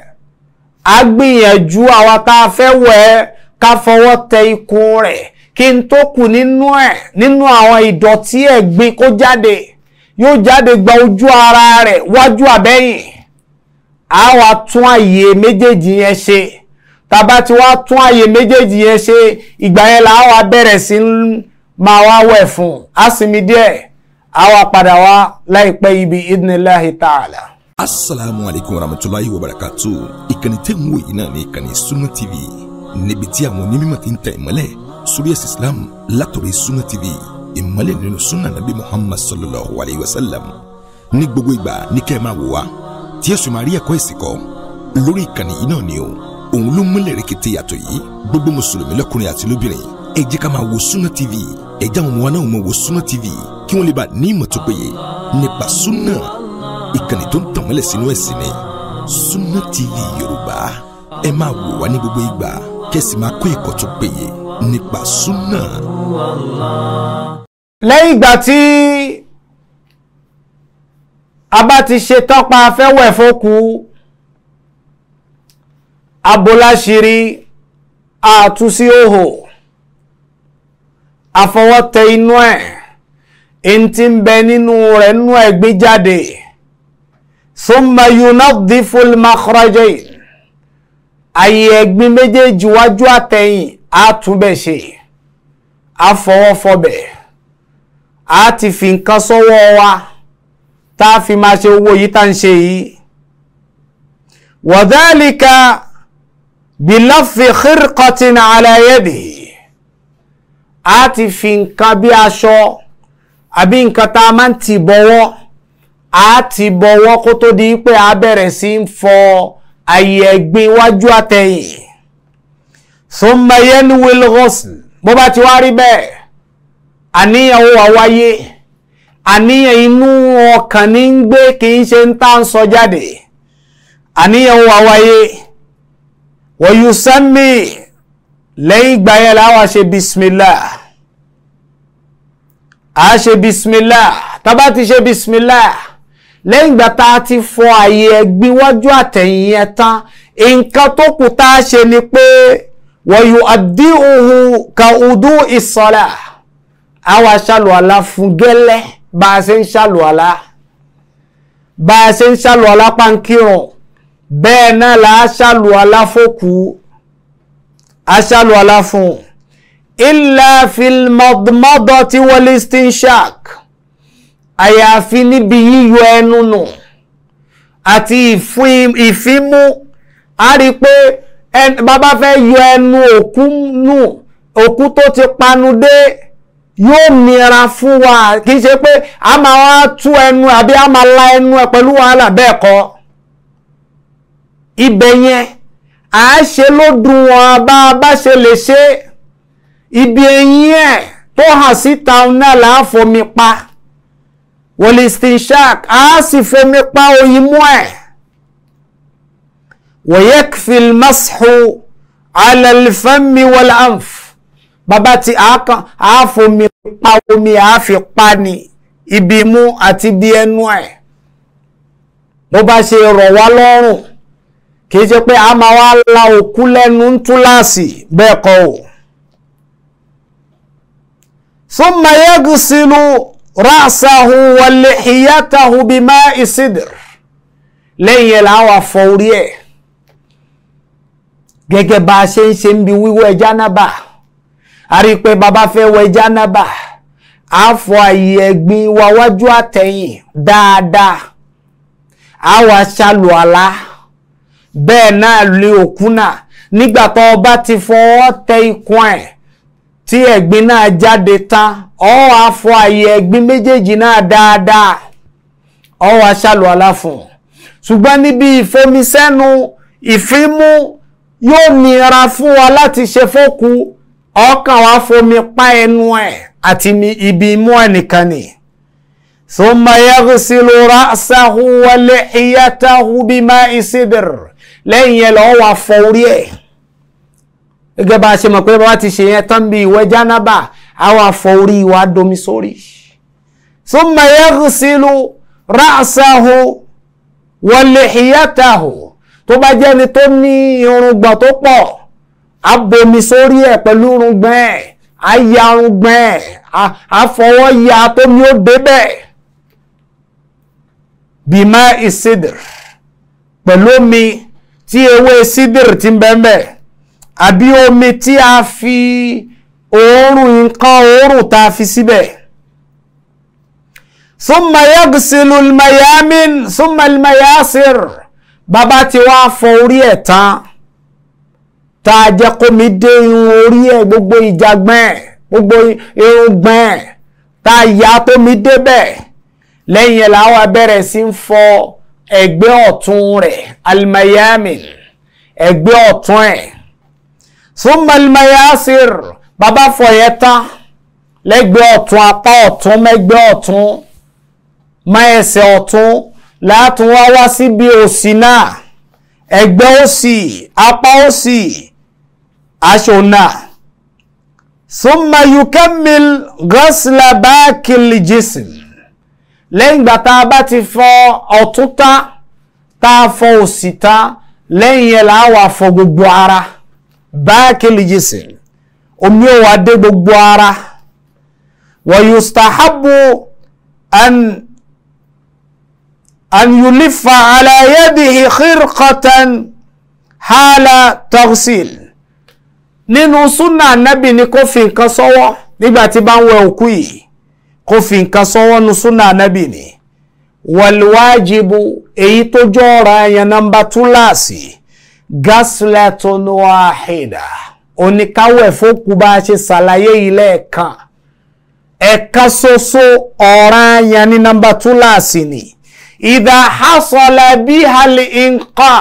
á gbìyànjú àwa tá a fẹ́ wẹ̀ ká fọwọ́ tẹ ikùn rẹ̀ kí n tó kù nínú ẹ̀ nínú àwọn ìdọ̀tí ẹ̀gbin kó jáde yóò jáde gba ojú ara rẹ̀ wájú àbẹ́yìn á wá tún àyè méjèèjì yẹn ṣe tá a bá ti wá tún àyè méjèèjì yẹn ṣe ìgbà yẹn là á wá bẹ̀rẹ̀ sí ń máa wá wẹ̀ fún á sinmi díẹ̀ á wá padà ibi idnilahi ta'ala. asalaamu alaykum wa rahmatulahi wa barakatu ìkànnì tẹ́ ń wò náà ní ìkànnì Sunna TV níbi tí àwọn onímọ̀ ti ń tẹ̀ ìmọ́lẹ̀ sórí Islam látòrí suna TV ìmọ́lẹ̀ nínú suna nabi Muhammad sallallahu alayhi wa sallam ní gbogbo ìgbà ní kẹ́ ẹ máa wò wá tí ẹ̀sùn máa rí ẹ̀kọ́ ìsìnkọ́ lórí ìkànnì yìí náà ni o òun ló múlẹ̀ rẹ̀kẹ̀tẹ̀ yàtọ̀ yìí gbogbo mùsùlùmí lọ́kùnrin àti lóbìnrin ẹ jẹ́ ká máa wo Sunna TV ẹ já àwọn ọmọ náà máa wo Sunna TV kí wọ́n lè bá ní ìmọ̀ tó péye nípa Sunna ìkànnì tó ń tànmọ́lẹ̀ sínú ẹ̀sìn ni Sunna TV Yorùbá ẹ máa wò wá ní gbogbo ìgbà kẹ́sì máa kó ẹ̀kọ́ tó péye nípa Sunna. lẹ́yìn ìgbà tí a bá ti ṣe tọ́pa afẹ́wẹ̀ fókù aboláṣiri àtúnṣí òhò afọwọ́tẹ inú ẹ̀ ẹni tí ń bẹ nínú rẹ̀ nú ẹ̀ gbé jáde summa yunaddiful makhrajayn àyè ẹ̀gbin méjèèjì wájú àtẹ̀yìn á túnbẹ̀ ṣe afọwọ́fọbẹ̀ á ti fi nǹkan sọ́wọ́ wa tá a fi máa ṣe owó yìí tá ń ṣe yìí wa dhalika bilafi khirqatin ala yadihi a ti fi nǹkan bí aṣọ àbí nǹkan tá a máa ń ti bọwọ́ a ti bọwọ́ kó tó di pé a bẹ̀rẹ̀ sí ń fọ àyè ẹ̀gbin iwájú àtẹ̀yìn thumma yanwi al-ghusl bó bá ti wá rí bẹ́ẹ̀ àníyàn ó wà wáyé àníyàn inú ọkàn ní ń gbé kì í ṣe ń tá ń sọ jáde àníyàn ó wà wáyé wa yusammi lẹ́yìn ìgbà yẹn làwọn ṣe bismillah a ṣe bismillah tá bá ti ṣe bismillah lẹ́yìn ìgbà tá a ti fọ àyè ẹ̀gbin wájú àtẹ̀yìn yẹn tán nǹkan tó kù tá a ṣe ni pé wọ̀yù àdíhùhù ka udú ìsọ̀lá àwa ṣàlùwàlá fún gẹ́lẹ́ bá a ṣe ń ṣàlùwàlá bá a ṣe ń ṣàlùwàlá pàǹkìrùn bẹ́ẹ̀ náà là á ṣàlùwàlá fòkú a ṣàlùwàlá fún un illa fil madmadati wal istinshaq àyàfi níbi yíyọ ẹnu nù àti ìfimú a rí i pé bàbá fẹ́ yọ ẹnu òkú nù òkú tó ti panu dé yóò nira fún wa kì í ṣe pé a máa wá tú ẹnu àbí a máa la ẹnu ẹ pẹ̀lú wàhálà bẹ́ẹ̀ kọ́ ibẹ̀ yẹn à á ṣe lódùn wọn bá a bá ṣe lè ṣe é ibi eyín ẹ̀ tó hàn síta náà là á fomi pa wọlistinshak a sì fomi pa oyin mú ẹ̀ wọ̀yẹ́kfil mashu alẹ́lifẹ́mi wọlé ànf bàbá tí a kan a fomi pa omi a fi pa ni ibi imú àti ibi ẹnu ẹ̀ bó bá ṣe rọ̀ wá lọ́rùn kì í ṣe pé a máa wá la òkú lẹ́nu ńtúláàsì bẹ́ẹ̀ kọ́ o. thumma yagsilu rasahu wa lihiyatahu bima'i sidr lẹ́yìn ẹ̀ làwọn bá a ṣe ń ṣe ń bi a rí i pé bàbá fẹ́ wẹ̀ jánábà a fọ àyè ẹ̀gbin wa wájú àtẹ̀yìn dáadáa a wà ṣàlù àlá bẹ́ẹ̀ náà lé òkú náà nígbà tó ti tẹ ikùn tí ẹ̀gbin náà jáde tán ó wá fọ àyè ẹ̀gbin méjèèjì náà dáadáa ó wá ṣàlùwàlá fún ṣùgbọ́n níbi ìfomisẹ́nu ìfimú yóò nira fún wa láti ṣe fókun ọkàn wa fomi pa ẹnu ẹ̀ àti ibi imú ẹnìkan ni. ثم يغسل رأسه ولحيته بماء سدر لن يلعو فوريه gẹ́gẹ́ bá a ṣe mọ̀ pé bá ti ṣe yẹn tán bí ìwẹ̀ jánábà àwọn àfọ orí wa domi sórí summa yaghsilu ra'sahu wa lihiyatahu tó bá jẹ́ ni tó ní irùngbọ̀n tó pọ̀ abomi sórí ẹ̀ pẹ̀lú irùngbọ̀n ẹ̀ àyà irùngbọ̀n ẹ̀ àfọwọ́yà tómi ó débẹ̀ bima ìsidr pẹ̀lú omi tí ewé sídìr ti ń bẹ́ẹ̀ bẹ́ẹ̀ àbí omi tí a fi òórùn nǹkan òórùn tá a fi síbẹ̀ súnmà yagsilu almayamin súnmà almayasir bàbá tí wàá fọ orí ẹ̀ tán tá a jẹ́ kómi dé irun orí ẹ̀ gbogbo ìjàgbọ́n ẹ̀ gbogbo irun gbọ́n ẹ̀ tá a yà tómi débẹ̀ lẹ́yìn ẹ̀ làwọn abẹ́rẹ́ sí ń fọ ẹ̀gbẹ́ ọ̀tún rẹ̀ almayamin ẹ̀gbẹ́ ọ̀tún ẹ̀ sumalmayasir bàbá fọyẹ́ta lẹ́gbẹ̀ẹ́ ọ̀tún apá ọ̀tún mẹ́gbẹ́ ọ̀tún má ẹsẹ̀ ọ̀tún láàtún wá wá síbi òsì náà ẹ̀gbẹ́ òsì apá òsì aṣọ náà summa yukammil ghasla bakil jism lẹ́yìn ìgbà tá a bá ti fọ ọ̀tún tá tá a báàkìlì jìsìn omi ò wá dé gbogbo ara wa yustahabu an an yulifa ala yadihi khirqatan hala tagsil nínú súnà anábì ni kó fi nǹkan sọ́wọ́ nígbà tí bá ń wẹ òkú yìí kó fi nǹkan sọ́wọ́ nu súnà anábì ni wal wajibu èyí tó jọ ọ̀rọ̀ àyàn nàmbà túláàsì gaslatun wahida oníkáwẹ̀ fókù bá a ṣe ṣàlàyé yìí lẹ́ẹ̀kan ẹ̀ka ṣoṣo ọ̀ranyàn ní nọ́mbà túláàsì ni ìdá hasọ̀lá bí hali nǹka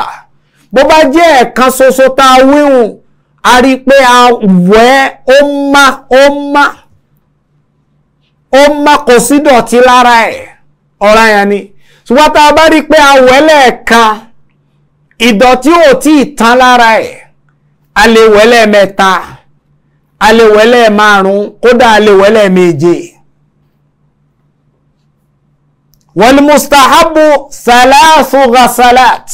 bó bá jẹ́ ẹ̀kan ṣoṣo tá a wíhùn e. a rí i pé a wẹ̀ ó má ó má ó má kò sí dọ̀tí lára ẹ̀ ọ̀ranyàn ni ṣùgbọ́n tá a bá rí i pé a wẹ̀ lẹ́ẹ̀kan. ìdọ̀tí ò tí ì tán lára ẹ̀ a mẹ́ta a lè kódà a salasu ghasalat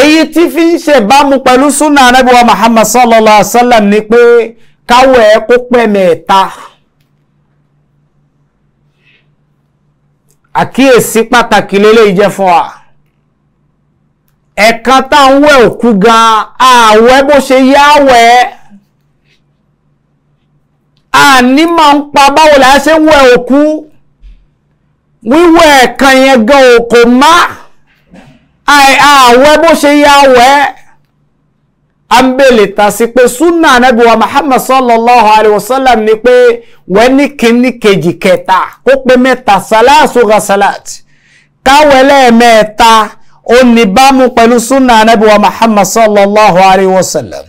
èyí tí fi ń ṣèbámu pẹ̀lú súnà anábíwá muhammad sallallahu alaihi wa sallam ni pé káwọ̀ ẹ̀ kó pẹ́ mẹ́ta àkíyèsí pàtàkì lélẹ́yìí jẹ́ ẹ̀kan táwọn wẹ̀ òkú gan àwẹ̀ bó ṣe yá àní máa ń pa báwo ṣe ń wẹ̀ òkú wíwẹ̀ ẹ̀kan yẹn gan kò má ṣe ambele ta pé súnà anábì wa sallallahu alayhi wa sallam ni pé wẹ́ ní kíní kejì kẹta kó pé mẹ́ta salatu eme káwẹ́ ó ní bámu pẹ̀lú súnà anábì wa muhammad sallallahu alayhi wa sallam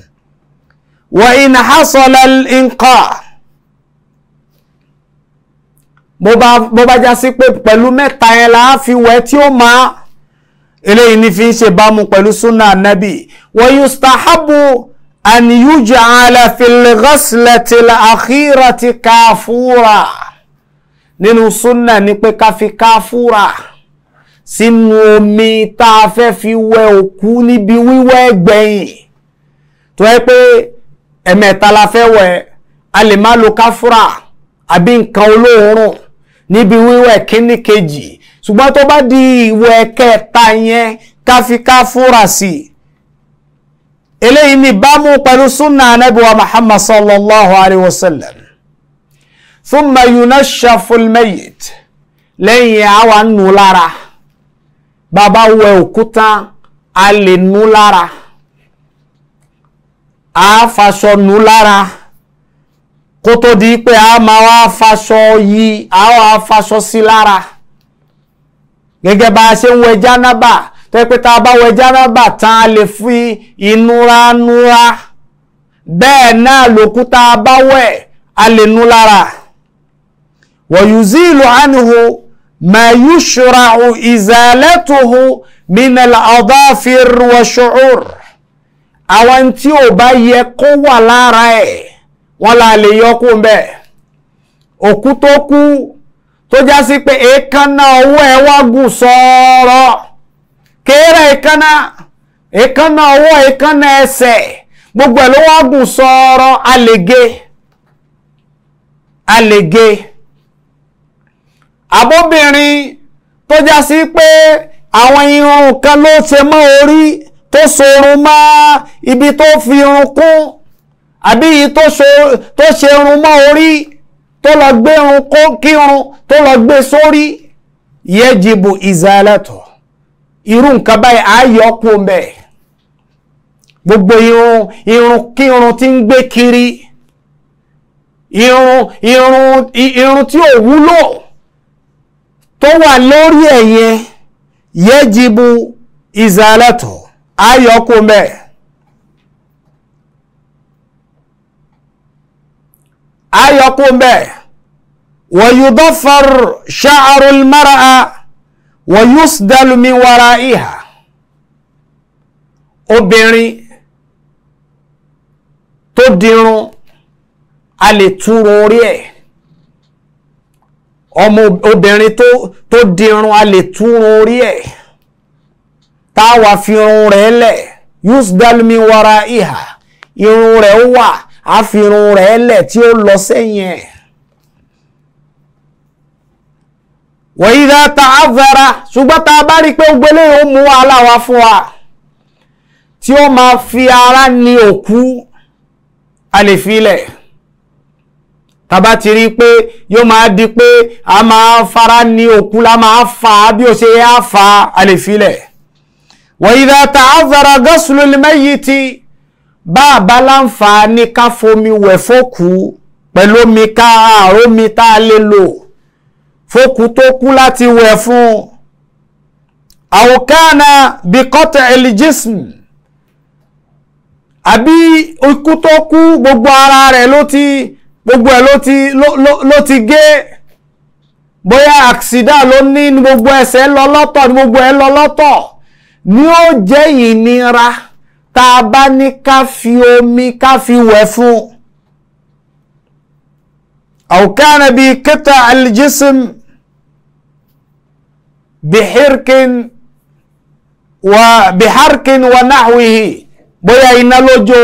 wa in hasala al-inqa bó bá já sí pé pẹ̀lú mẹ́ta yẹn la fi wẹ̀ tí ó máa eléyìí ní fi ń ṣe bámu pẹ̀lú súnà anábì wa yustahabu an yuj'ala fil ghaslati al-akhirati káfúra nínú súnà ni pé ká fi káfúra sínú omi tá a fẹ́ fi wẹ òkú níbi wíwẹ̀ gbẹ̀yìn tó yẹ pé ẹ̀mẹ̀ta la fẹ́ wẹ̀ a lè má lo káfúrà àbí nǹkan olóòórùn níbi wíwẹ̀ kíní kejì ṣùgbọ́n tó bá di ìwẹ̀ kẹta yẹn ká fi káfúrà sí i eléyìí ní bámu pẹ̀lú súnà anábì muhammad sallallahu alayhi wa sallam thumma yunashshafu al lẹ́yìn àwa nù lára bàbá wẹ òkúta a lè nu lára a faṣọ nu lára kó tó di pé a máa wá faṣọ yí a wá faṣọ sí lára gẹ́gẹ́ bá a ṣe ń wẹ jánábà tẹ́ pé tá a bá wẹ jánábà tán a lè fi ìnura nura bẹ́ẹ̀ náà lòkúta a bá wẹ̀ a lè nu lára wọ̀nyí zíìlù ánìhù ما يشرع إزالته من الأظافر والشعور àwọn tí ò bá yẹ kó wà lára ẹ̀ wọ́n la lè yọ ń bẹ̀ òkú tó kú tó já sí pé èékánná ọwọ́ ẹ̀ wá gùn gbogbo ló wá àbóbìnrin tó já sí pé àwọn irun kan ló ṣe mọ́ orí tó sorun mọ́ ibi tó fi irun kún àbí yìí tó ṣe irun mọ́ orí tó lọ gbé irun kírun tó lọ gbé sórí yẹ́jìbù ìzálẹ́tọ̀ irú nǹkan báyìí àyọkù mẹ́ gbogbo irun irun kírun tí ń gbé kiri irun irun irun tí ò wúlò. tó wà lórí ẹ̀yẹn yẹ́jìbù ìzàlẹ́tọ̀ ayọ́kú wọ ayọ́kú mẹ́ wọ̀yùdọ́fọ̀r ṣáàrùl mara wọ̀yùsdẹ́lùmí wara ìhà obìnrin tó dirun a lè túrun orí ọmọ obìnrin tó tó dirun a lè túrun orí ẹ̀ táwa fi irun rẹ̀ lẹ̀ yusdal mi wara ìhà irun rẹ̀ ó wà á fi irun rẹ̀ lẹ̀ tí ó lọ sẹ́yìn ẹ̀. wa idha ta'adhara ṣùgbọ́n tá a bá rí i pé gbélé ó mú wàhálà wá fún wa tí ó máa fi ara ní òkú a lè fi lẹ̀ tàbá ti rí i pé yóò máa di pé a máa fara ní òkú la máa fà á bí ó ṣe yá fà á a lè filẹ̀. wa idha ta'azzara ghaslul mayyiti bá a bá láǹfààní ká fomi wẹ̀ fókù pẹ̀lú omi ká àrómi tá a lè lò fókù tó kú láti wẹ̀ fún aw kana bi qat'il jism àbí ikú tó kú gbogbo ara rẹ̀ ló ti gbogbo ẹ̀ ló ti ló ti gé bóyá àksidá ló ní ní gbogbo ẹsẹ̀ lọ lọ́tọ̀ ní gbogbo ẹ̀ lọ lọ́tọ̀ ni ó jẹ́ ìnira tá a bá ní ká fi omi ká fi wẹ̀ fún un. أو كان بقطع الجسم بحرك وبحرك ونحوه bóyá iná ló jó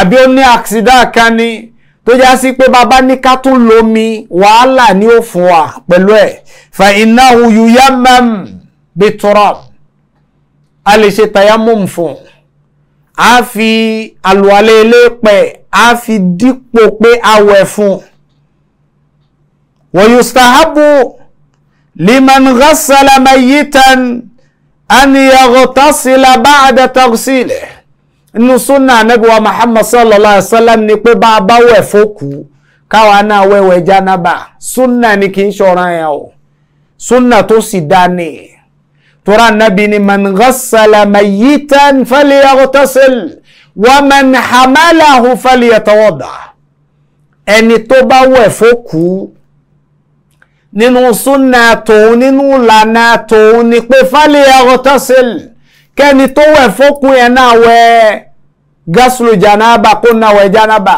àbí ó ní àksidá kan ni tó já sí pé bàbá ní ká tún lomi wàhálà ni ó fún wa pẹ̀lú ẹ̀ fa innahu yuyammam biturab a lè ṣe tayammum fún a fi àlùwalẹ̀ eléèpẹ̀ a fi dípò pé a wẹ̀ fún wa yustahabu liman ghassala mayyitan an yaghtasila ba'da taghsilihi nínú súnà anábíwá muhammad sallallahu alayhi wa sallam ni pé bá a bá wẹ̀ fókù káwa náà wẹ̀wẹ̀ jánábà súnà ni kì í ṣọ̀ràn yẹn o súnà tó sì dá ni tura nabi ni man ghassala mayitan falyaghtasil wa man hamalahu falyatawadda ẹni tó bá wẹ̀ fókù nínú súnà tòun nínú ìlànà tòun ni pé falyaghtasil. kẹ́ni tó wẹ̀ fọ́kùn yẹn náà wẹ̀ gásùlù jànáàbà kó náà wẹ̀ jànáàbà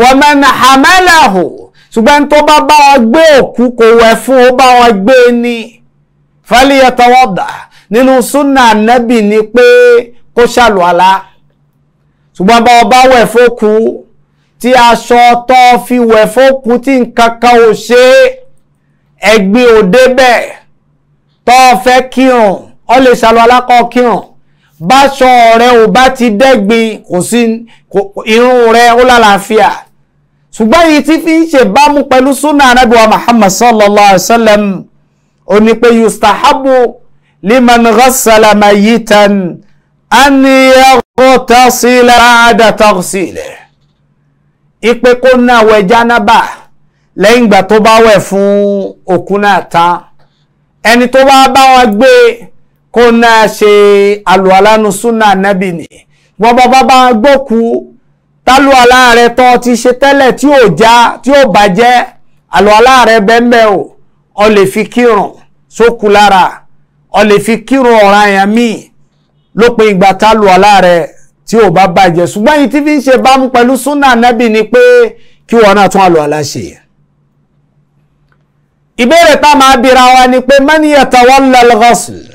wa man hamalahu ṣùgbọ́n tó bá bá wọn gbé òkú kò wẹ̀ fún ó bá wọn gbé ni falyatawadda nínú súnà nẹ́bì ni pé kó ṣàlùwàlá ṣùgbọn bá wọn bá wẹ̀ fọ́kù tí aṣọ tó fi wẹ̀ fọ́kù tí nǹkan kan ò ṣe ẹ̀gbin ò débẹ̀ tó fẹ́ kírun ọ lè ṣàlọ́ alákọ̀ kírun báṣọ rẹ ò bá ti dẹ́gbin kò sí irun rẹ ó lálàáfíà ṣùgbọ́n èyí tí fi ń ṣèbámu pẹ̀lú súnà Ànábì wa Muhammad sallallahu alayhi wa sallam ó ní pé yustahabu liman ghassala mayitan an yaghtasila ba'da taghsilihi ipe kó náà wẹ̀ jánábà lẹ́yìn ìgbà tó bá wẹ̀ fún òkú náà tán ẹni tó bá bá wọn gbé e kó náà ṣe alùalánu súnà nẹ́bì ni wọ́n bá bá gbókú tálùalá rẹ tọ́ ti ṣe tẹ́lẹ̀ tí ò já tí ò bàjẹ́ alùalá rẹ bẹ́ẹ̀ o ọ lè fi kírun sókù lára ọ lè fi kírun ọ̀ràn yẹn míì lópin ìgbà tálùalá rẹ tí ò bá bàjẹ́ ṣùgbọ́n yìí tí fi ń ṣe bámu pẹ̀lú súnà nẹ́bì ni pé kí wọn náà tún alùalá ṣe yẹn ìbéèrè tá máa bira wa ni pé man yatawalla al-ghusl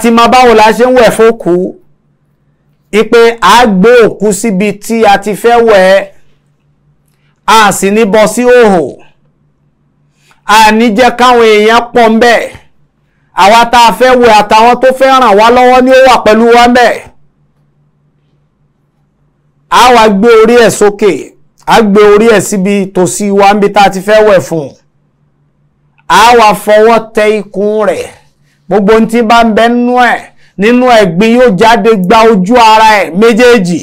ti ma báwo la ṣe ń wẹ̀ ipe a gbé òkú síbi tí a ti fẹ́ wẹ̀ a si ní sí a ní je káwọn èèyàn pọ̀ ń bẹ̀ àwa tá a tó fẹ́ ni ó wà pẹ̀lú wa ń a gbe ori a wa ti fe a gbogbo ohun tí bá ń bẹ nínú ẹ̀ nínú ẹ̀gbin yóò jáde gba ojú ara ẹ̀ méjèèjì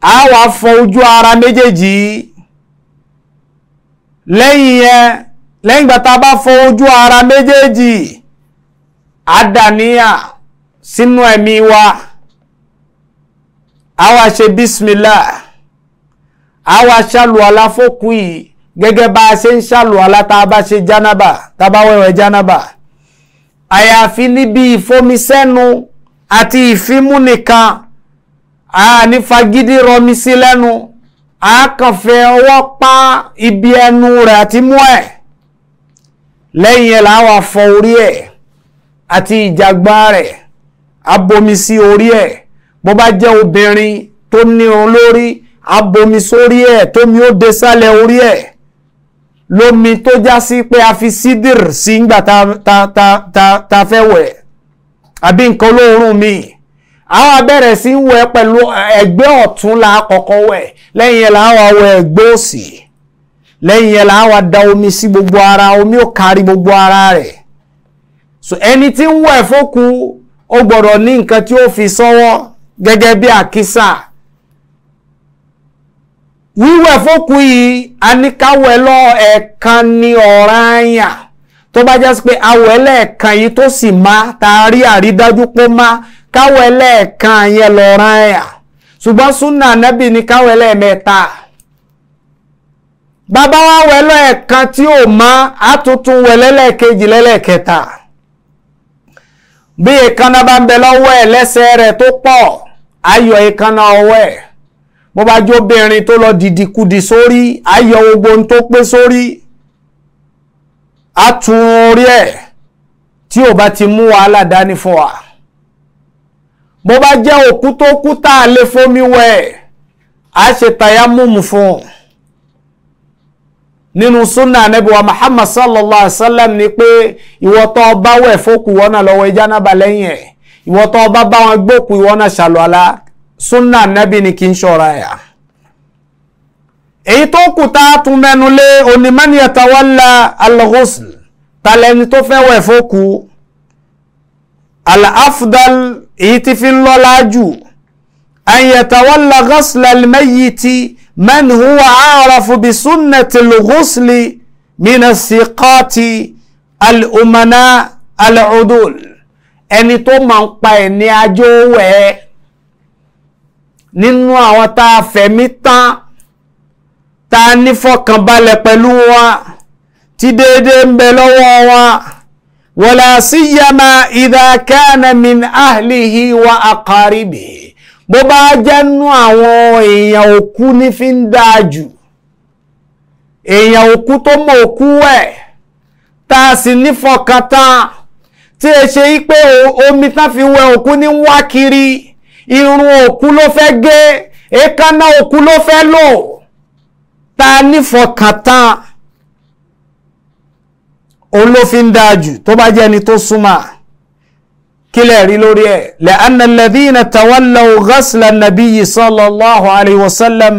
a wá fọ ojú ara méjèèjì lẹ́yìn yẹn lẹ́yìn ìgbà tá a bá fọ ojú ara méjèèjì a dà sínú ẹ̀mí wa a wá ṣe bísímìlà a wá ṣàlùwàlá fókù yìí gẹ́gẹ́ bá a ṣe ń ṣàlùwàlá tá a bá ṣe jánábà tá a bá wẹ̀wẹ̀ jánábà àyàfi níbi ìfomisẹ́nu àti ìfimú nìkan a ní fagídí rọmi sí lẹ́nu a kàn ọwọ́ pa ibi ẹnu rẹ̀ àti mú ẹ̀ lẹ́yìn ẹ̀ làwọn afọ orí ẹ̀ àti ìjàgbá rẹ̀ abomi sí orí ẹ̀ bó bá jẹ́ obìnrin tó ní irun abomi sórí ẹ̀ tómi ó dé orí ẹ̀ lómi tó já sí pé a fi sídìr sí ngbà ta ta ta ta ta fẹ́ wẹ̀ àbí nǹkan olóòórùn mi àwa bẹ̀rẹ̀ sí ń wẹ̀ pẹ̀lú ẹ̀gbẹ́ ọ̀tún la kọ́kọ́ wẹ̀ lẹ́yìn yẹn la wà wẹ̀ ẹ̀gbẹ́ òsì lẹ́yìn yẹn la wà da omi sí gbogbo ara omi ò kárí gbogbo ara rẹ̀ so ẹni tí ń wẹ̀ fókun ó gbọ́dọ̀ ní nǹkan tí ó fi sọ́wọ́ gẹ́gẹ́ bí àkísà wíwẹ̀ fókù yìí a ní káwẹ̀ lọ ẹ̀ẹ̀kan ní ọ̀ranyàn tó bá jẹ́ sí pé awẹ̀ lẹ́ẹ̀kan yìí tó sì má ta rí àrídájú pé má káwẹ̀ lẹ́ẹ̀kan yẹn lọ́ranyàn ṣùgbọ́n súnà nẹ́bì ní káwẹ̀ lẹ́ẹ̀mẹ́ta bàbá wa wẹ̀ lẹ́ẹ̀kan tí ò má a tuntun wẹ̀ lẹ́lẹ́ẹ̀kejì lẹ́lẹ́ẹ̀kẹta bí èékánná bá ń bẹ lọ́wọ́ ẹ̀ lẹ́sẹ̀ rẹ̀ bó bá jó obìnrin tó lọ dìdìkudì sórí ayọ̀ gbogbo ohun tó pé sórí á orí ẹ̀ tí ò bá ti mú wàhálà dání fún wa bá jẹ́ òkú tó kú tá a lè fomi wẹ̀ á ṣe tayammum fún un nínú Muhammad sallallahu alaihi ni pé ọba wẹ̀ wọn náà ọba bá wọn náà súnà nẹ́bí ni kì í ṣọ́ra ẹ̀ èyí tó kù tá a tún mẹ́nu lé onímọ̀ni ẹ̀tàwọ́lá alghusl talẹ́ni tó fẹ́ wẹ̀ fókù al-afdal èyí tí fi ń lọ́lá jù an yẹ̀tàwọ́lá ghusl al-mayyiti man huwa a'rafu bi sunnati al-ghusl min as-siqati al ẹni tó máa ń pa ẹ̀ ní ajó wẹ̀ nínú àwọn tá a fẹ̀mí tán tá a nífọ̀kànbalẹ̀ pẹ̀lú wa tí déédéé ń bẹ lọ́wọ́ wa wala síyàmà idha kana min ahlihi wa aqaribihi bó bá jẹ́nu àwọn èèyàn òkú ní fi ń dáa jù èèyàn òkú tó mọ òkú ẹ̀ tá a sì nífọ̀kàn tán tí e ṣe pé omi tán fi wẹ òkú ní wá irun òkú ló fẹ́ gé èékánná òkú ló fẹ́ lò ta nífọkàntán òun ló fi ń dáa jù tó bá jẹ́ ẹni tó súnmọ́ kílẹ̀ rí lórí ẹ̀ lẹ́ànà lẹ́dínà tàwálà ògásìlà nàbíyì sallallahu alayhi wa sallam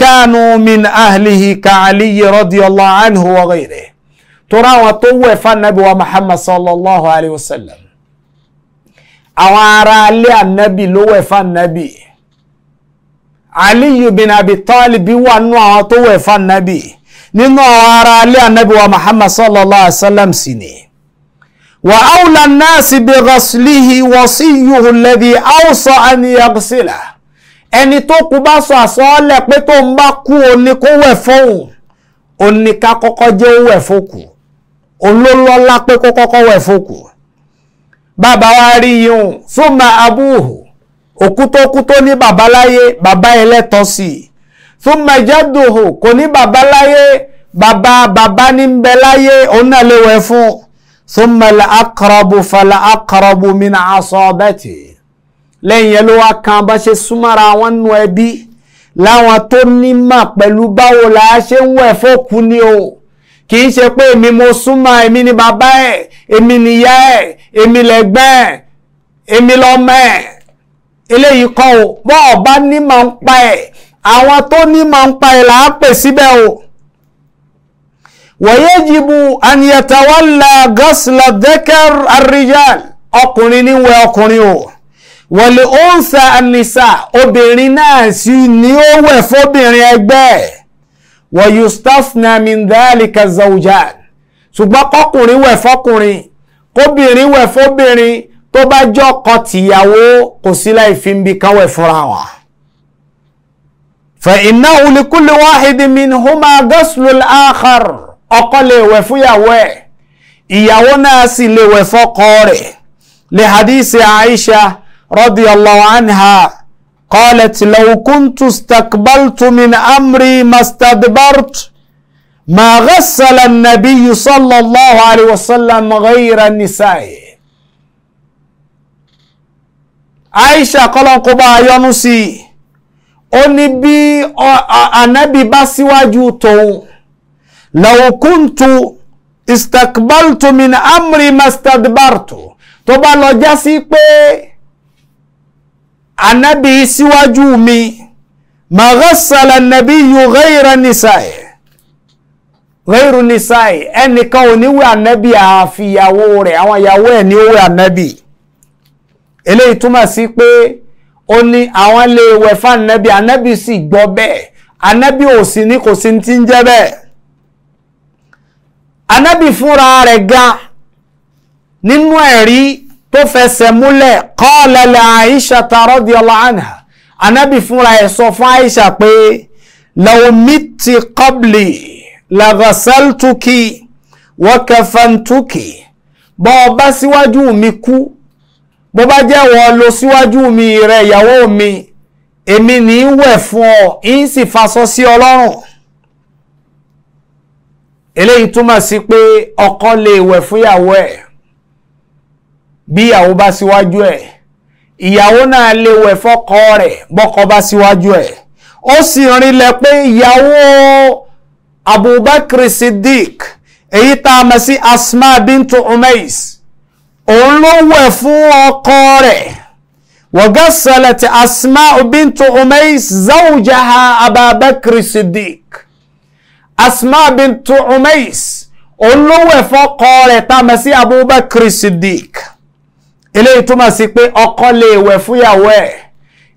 kánú min ahlihi ka aliyi radiyallahu anhu wa ghayrihi tó ráwọn tó wẹ̀ fún nàbí muhammad sallallahu alayhi wa sallam àwọn ará alẹ́ ànábì ló wẹ̀ fànábì aliyu bin abi talib wà nù àwọn tó wẹ̀ fànábì nínú àwọn ará alẹ́ ànábì wa muhammad sallallahu alaihi wa sallam sì ni wa awla nnaasi bi ghaslihi wasiyuhu alladhi awsa an yaghsila ẹni tó kú bá sọ àsọọ́lẹ̀ pé tó ń bá kú ó kó wẹ̀ fóun ó ká kọ́kọ́ jẹ́ ó wẹ̀ fókù olólọ́lá pé kó kọ́kọ́ wẹ̀ fókù. bàbá wa rí yun súnmọ́ abúhù òkú ni baba ní bàbá bàbá ẹlẹ́tọ́ sí i súnmọ́ jẹ́dùhù kò ní bàbá bàbá bàbá ní ń bẹ láyé òun náà lè wẹ̀ fún súnmọ́ la akọrọ̀bù fàlà akọrọ̀bù mi náà aṣọ ọbẹ̀ tì lẹ́yìn yẹn ló wá kan bá ṣe kì í ṣe pé èmi mo súnmọ́ èmi ni bàbá ẹ̀ èmi nìyá ẹ̀ èmi lẹ́gbẹ́ ẹ̀ èmi lọ́mọ ẹ̀ eléyìí kọ́ o bọ́ ọba ní máa ń pa ẹ̀ àwọn tó ní máa ń pa ẹ̀ là á pè síbẹ̀ o. wọ̀yẹ́jìbù àníyàtàwálà gọ́sìlà dẹ́kẹ́r àríyàn ọkùnrin ní wẹ ọkùnrin o wọ̀lẹ̀ òǹsà ànìsà obìnrin náà sì ní ó wẹ̀ fóbìnrin ẹgbẹ́ ẹ̀ wa yustafna min dhalika zawjan ṣùgbọ́n kọkùnrin wẹ̀ fọkùnrin kóbìnrin wẹ̀ fóbìnrin tó bá jọkọ tìyàwó kò sí láì fi ń bi kan wẹ̀ fúnra wa. fa innahu li kulli wahidin minhuma ghaslul akhar ọkọ lè wẹ̀ fúyàwó ẹ̀ ìyàwó náà sì lè wẹ̀ fọkọ rẹ̀ li hadisi Aisha radiyallahu anha. قالت لو كنت استقبلت من امري ما استدبرت ما غسل النبي صلى الله عليه وسلم غير النساء Aisha kọlọ́n kó bá a yọnu sí i ó ní bí anabi bá síwájú tóun law kuntu istakbaltu min amri mastadbartu tó bá lọ já sí pé anabi síwájú mi maghasala nabi yu ghayra nisa'i ghayru nisa'i ẹnìkan ò ní wẹ̀ anabi àfi ìyàwó rẹ̀ àwọn ìyàwó ẹ̀ ní wẹ̀ anabi eléyìí túmọ̀ sí pé ó ní àwọn lè wẹ̀ fún anabi anabi sì gbọ́ bẹ́ẹ̀ anabi ò sì ní kò sí ti ń jẹ́ anabi fúnra rẹ̀ ga nínú ẹ̀rí tó fẹsẹ̀ múlẹ̀ kọ́ọ̀lẹ̀lẹ̀ àìṣà radiyallahu anha anábì fúnra ẹ̀ sọ fún àìṣà pé laomiti qabli lagasaltuki wakafantuki bọ́ ọ bá síwájú mi kú bó bá jẹ́ wọ́n lọ síwájú mi rẹ̀ ìyàwó mi èmi ní í wẹ̀ fún ọ ń sì faṣọ sí ọlọ́run eléyìí túmọ̀ sí pé ọkọ lè wẹ̀ fúnyàwó ẹ̀ bí ìyàwó bá síwájú ẹ̀ ìyàwó náà lè wẹ̀ fọ́kọ rẹ̀ bọ́kọ bá síwájú ẹ̀ ó sì rinlẹ̀ pé ìyàwó Abubakar Siddiq èyí tá a mọ̀ sí Asma bintu Umais òun ló wẹ̀ fún ọkọ rẹ̀ wagasalat Asma bintu Umais zawjaha Abubakar Siddiq Asma bintu Umais òun ló wẹ̀ fọ́kọ rẹ̀ tá a mọ̀ sí Abubakar Siddiq eléyìí túmọ̀ sí pé ọkọ lè wẹ̀ fúyàwó ẹ̀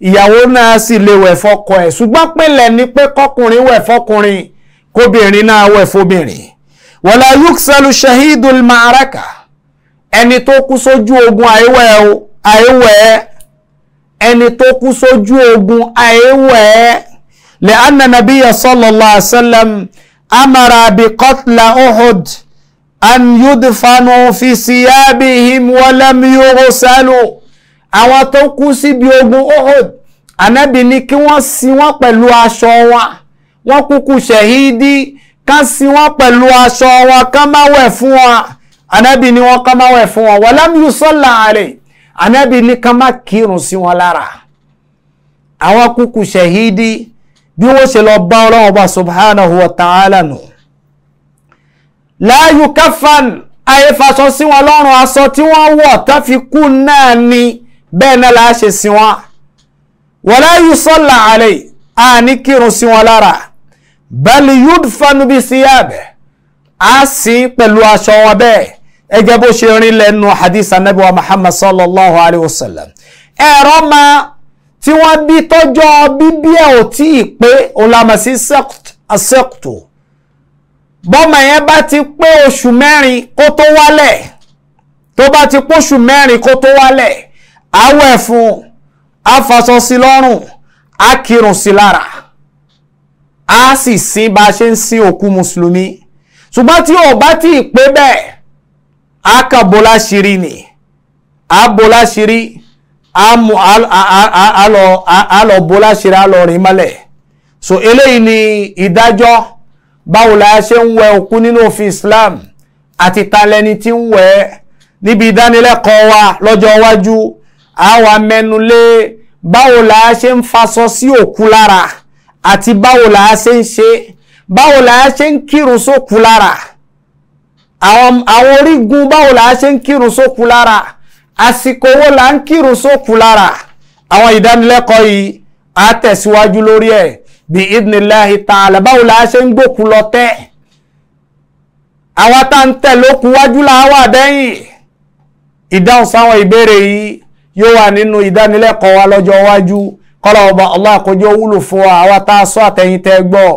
ìyàwó náà sì lè wẹ̀ fọkọ ẹ̀ ṣùgbọ́n pínlẹ̀ ni pé kọkùnrin wẹ̀ fọkùnrin kóbìnrin náà wẹ̀ fóbìnrin wala yuksalu shahidul ma'araka ẹni tó kú sójú ogun àìwẹ̀ ẹni tó kú sójú ogun àìwẹ̀ lẹ́ànà nabiyya sallallahu alaihi amara bi qatla Uhud an yudfanu fi siyabihim walam yughsalu àwọn tó kú síbi ogun Uhud Ànábì ní kí wọ́n sin wọ́n pẹ̀lú aṣọ wọn wọ́n kúkú ṣẹ̀hídí ká sin wọ́n pẹ̀lú aṣọ wọn ká má wẹ̀ fún wọn Ànábì ní wọ́n ká má wẹ̀ fún wọn walam yusalla alayhi Ànábì ní ká má kírun sí wọn lára àwọn kúkú ṣẹ̀hídí bí wọ́n ṣe lọ bá Ọlọ́run Ọba subhanahu wa ta'ala nù. No láàyù káfán àyèfàṣọ sí wọn lọ́rùn aṣọ tí wọ́n wọ̀ tán fi kú náà ni bẹ́ẹ̀ náà la ṣe sí wọn wọ́n láàyù sọ́là àlẹ́ àní kírun sí wọn lára bẹ́ẹ̀lì yúd fanubi sí yàbẹ̀ á sí pẹ̀lú aṣọ wọn bẹ́ẹ̀ ẹgẹ́ bó ṣe rin lẹ́nu hadith anabi wa muhammad sallallahu alayhi wa sallam ẹ̀rọ máa tí wọ́n bí tọ́jọ́ bíbí ẹ̀ ò tí ì pé ọ̀làmọ̀sí sẹ́kùtù bọ́mọ yẹn bá ti pé oṣù mẹ́rin kó tó wálẹ̀ tó bá ti póṣù mẹ́rin kó tó wálẹ̀ àwẹ̀ fún a faṣọ sí lọ́rùn a kírun sí lára a sì sin bá a ṣe ń sin òkú mùsùlùmí ṣùgbọ́n tí ò bá tí ì pé bẹ́ẹ̀ a kàn bó láṣìírí ni a bó láṣìírí a lọ bó láṣìírí a lọ rìn mọ́lẹ̀ so eléyìí ni ìdájọ́ báwo la ṣe ń wẹ òkú nínú òfin Islam àti talẹni tí ń wẹ níbi ìdánilẹ́kọ̀ọ́ wa lọ́jọ́ iwájú àwa mẹ́nu lé báwo la ṣe ń faṣọ sí òkú lára àti báwo la ṣe ń ṣe báwo la ṣe ń kírun sókú lára àwọn orígun báwo la ṣe ń kírun sókú lára àsìkò wo la ń kírun sókú lára àwọn ìdánilẹ́kọ̀ọ́ yìí á lórí ẹ̀ bí idnillahi ta'ala báwo la ṣe ń gbòkú lọ tẹ́ àwa tá ń tẹ̀ lókun wájú làwọn àdẹ́yìn ìdáhùn sáwọn ìbéèrè yìí yóò wà nínú ìdánilẹ́kọ̀ọ́ wa lọ́jọ́ iwájú kọ́lá ọba Allah kó jẹ́ ó wúlò fún wa àwa tá a sọ àtẹ̀yìn tẹ́ gbọ́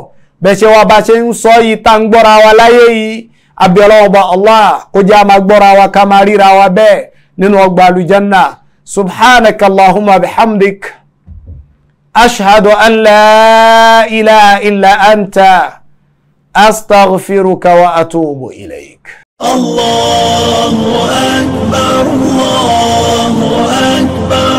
wa bá ṣe ń sọ yìí tá ń gbọ́ra wa láyé yìí abiola ọba Allah kó a máa gbọ́ra wa ká máa ríra wa bẹ́ẹ̀ nínú ọgbà àlùjánnà subhanakallahumma bihamdik. أشهد أن لا إله إلا أنت أستغفرك وأتوب إليك الله أكبر الله أكبر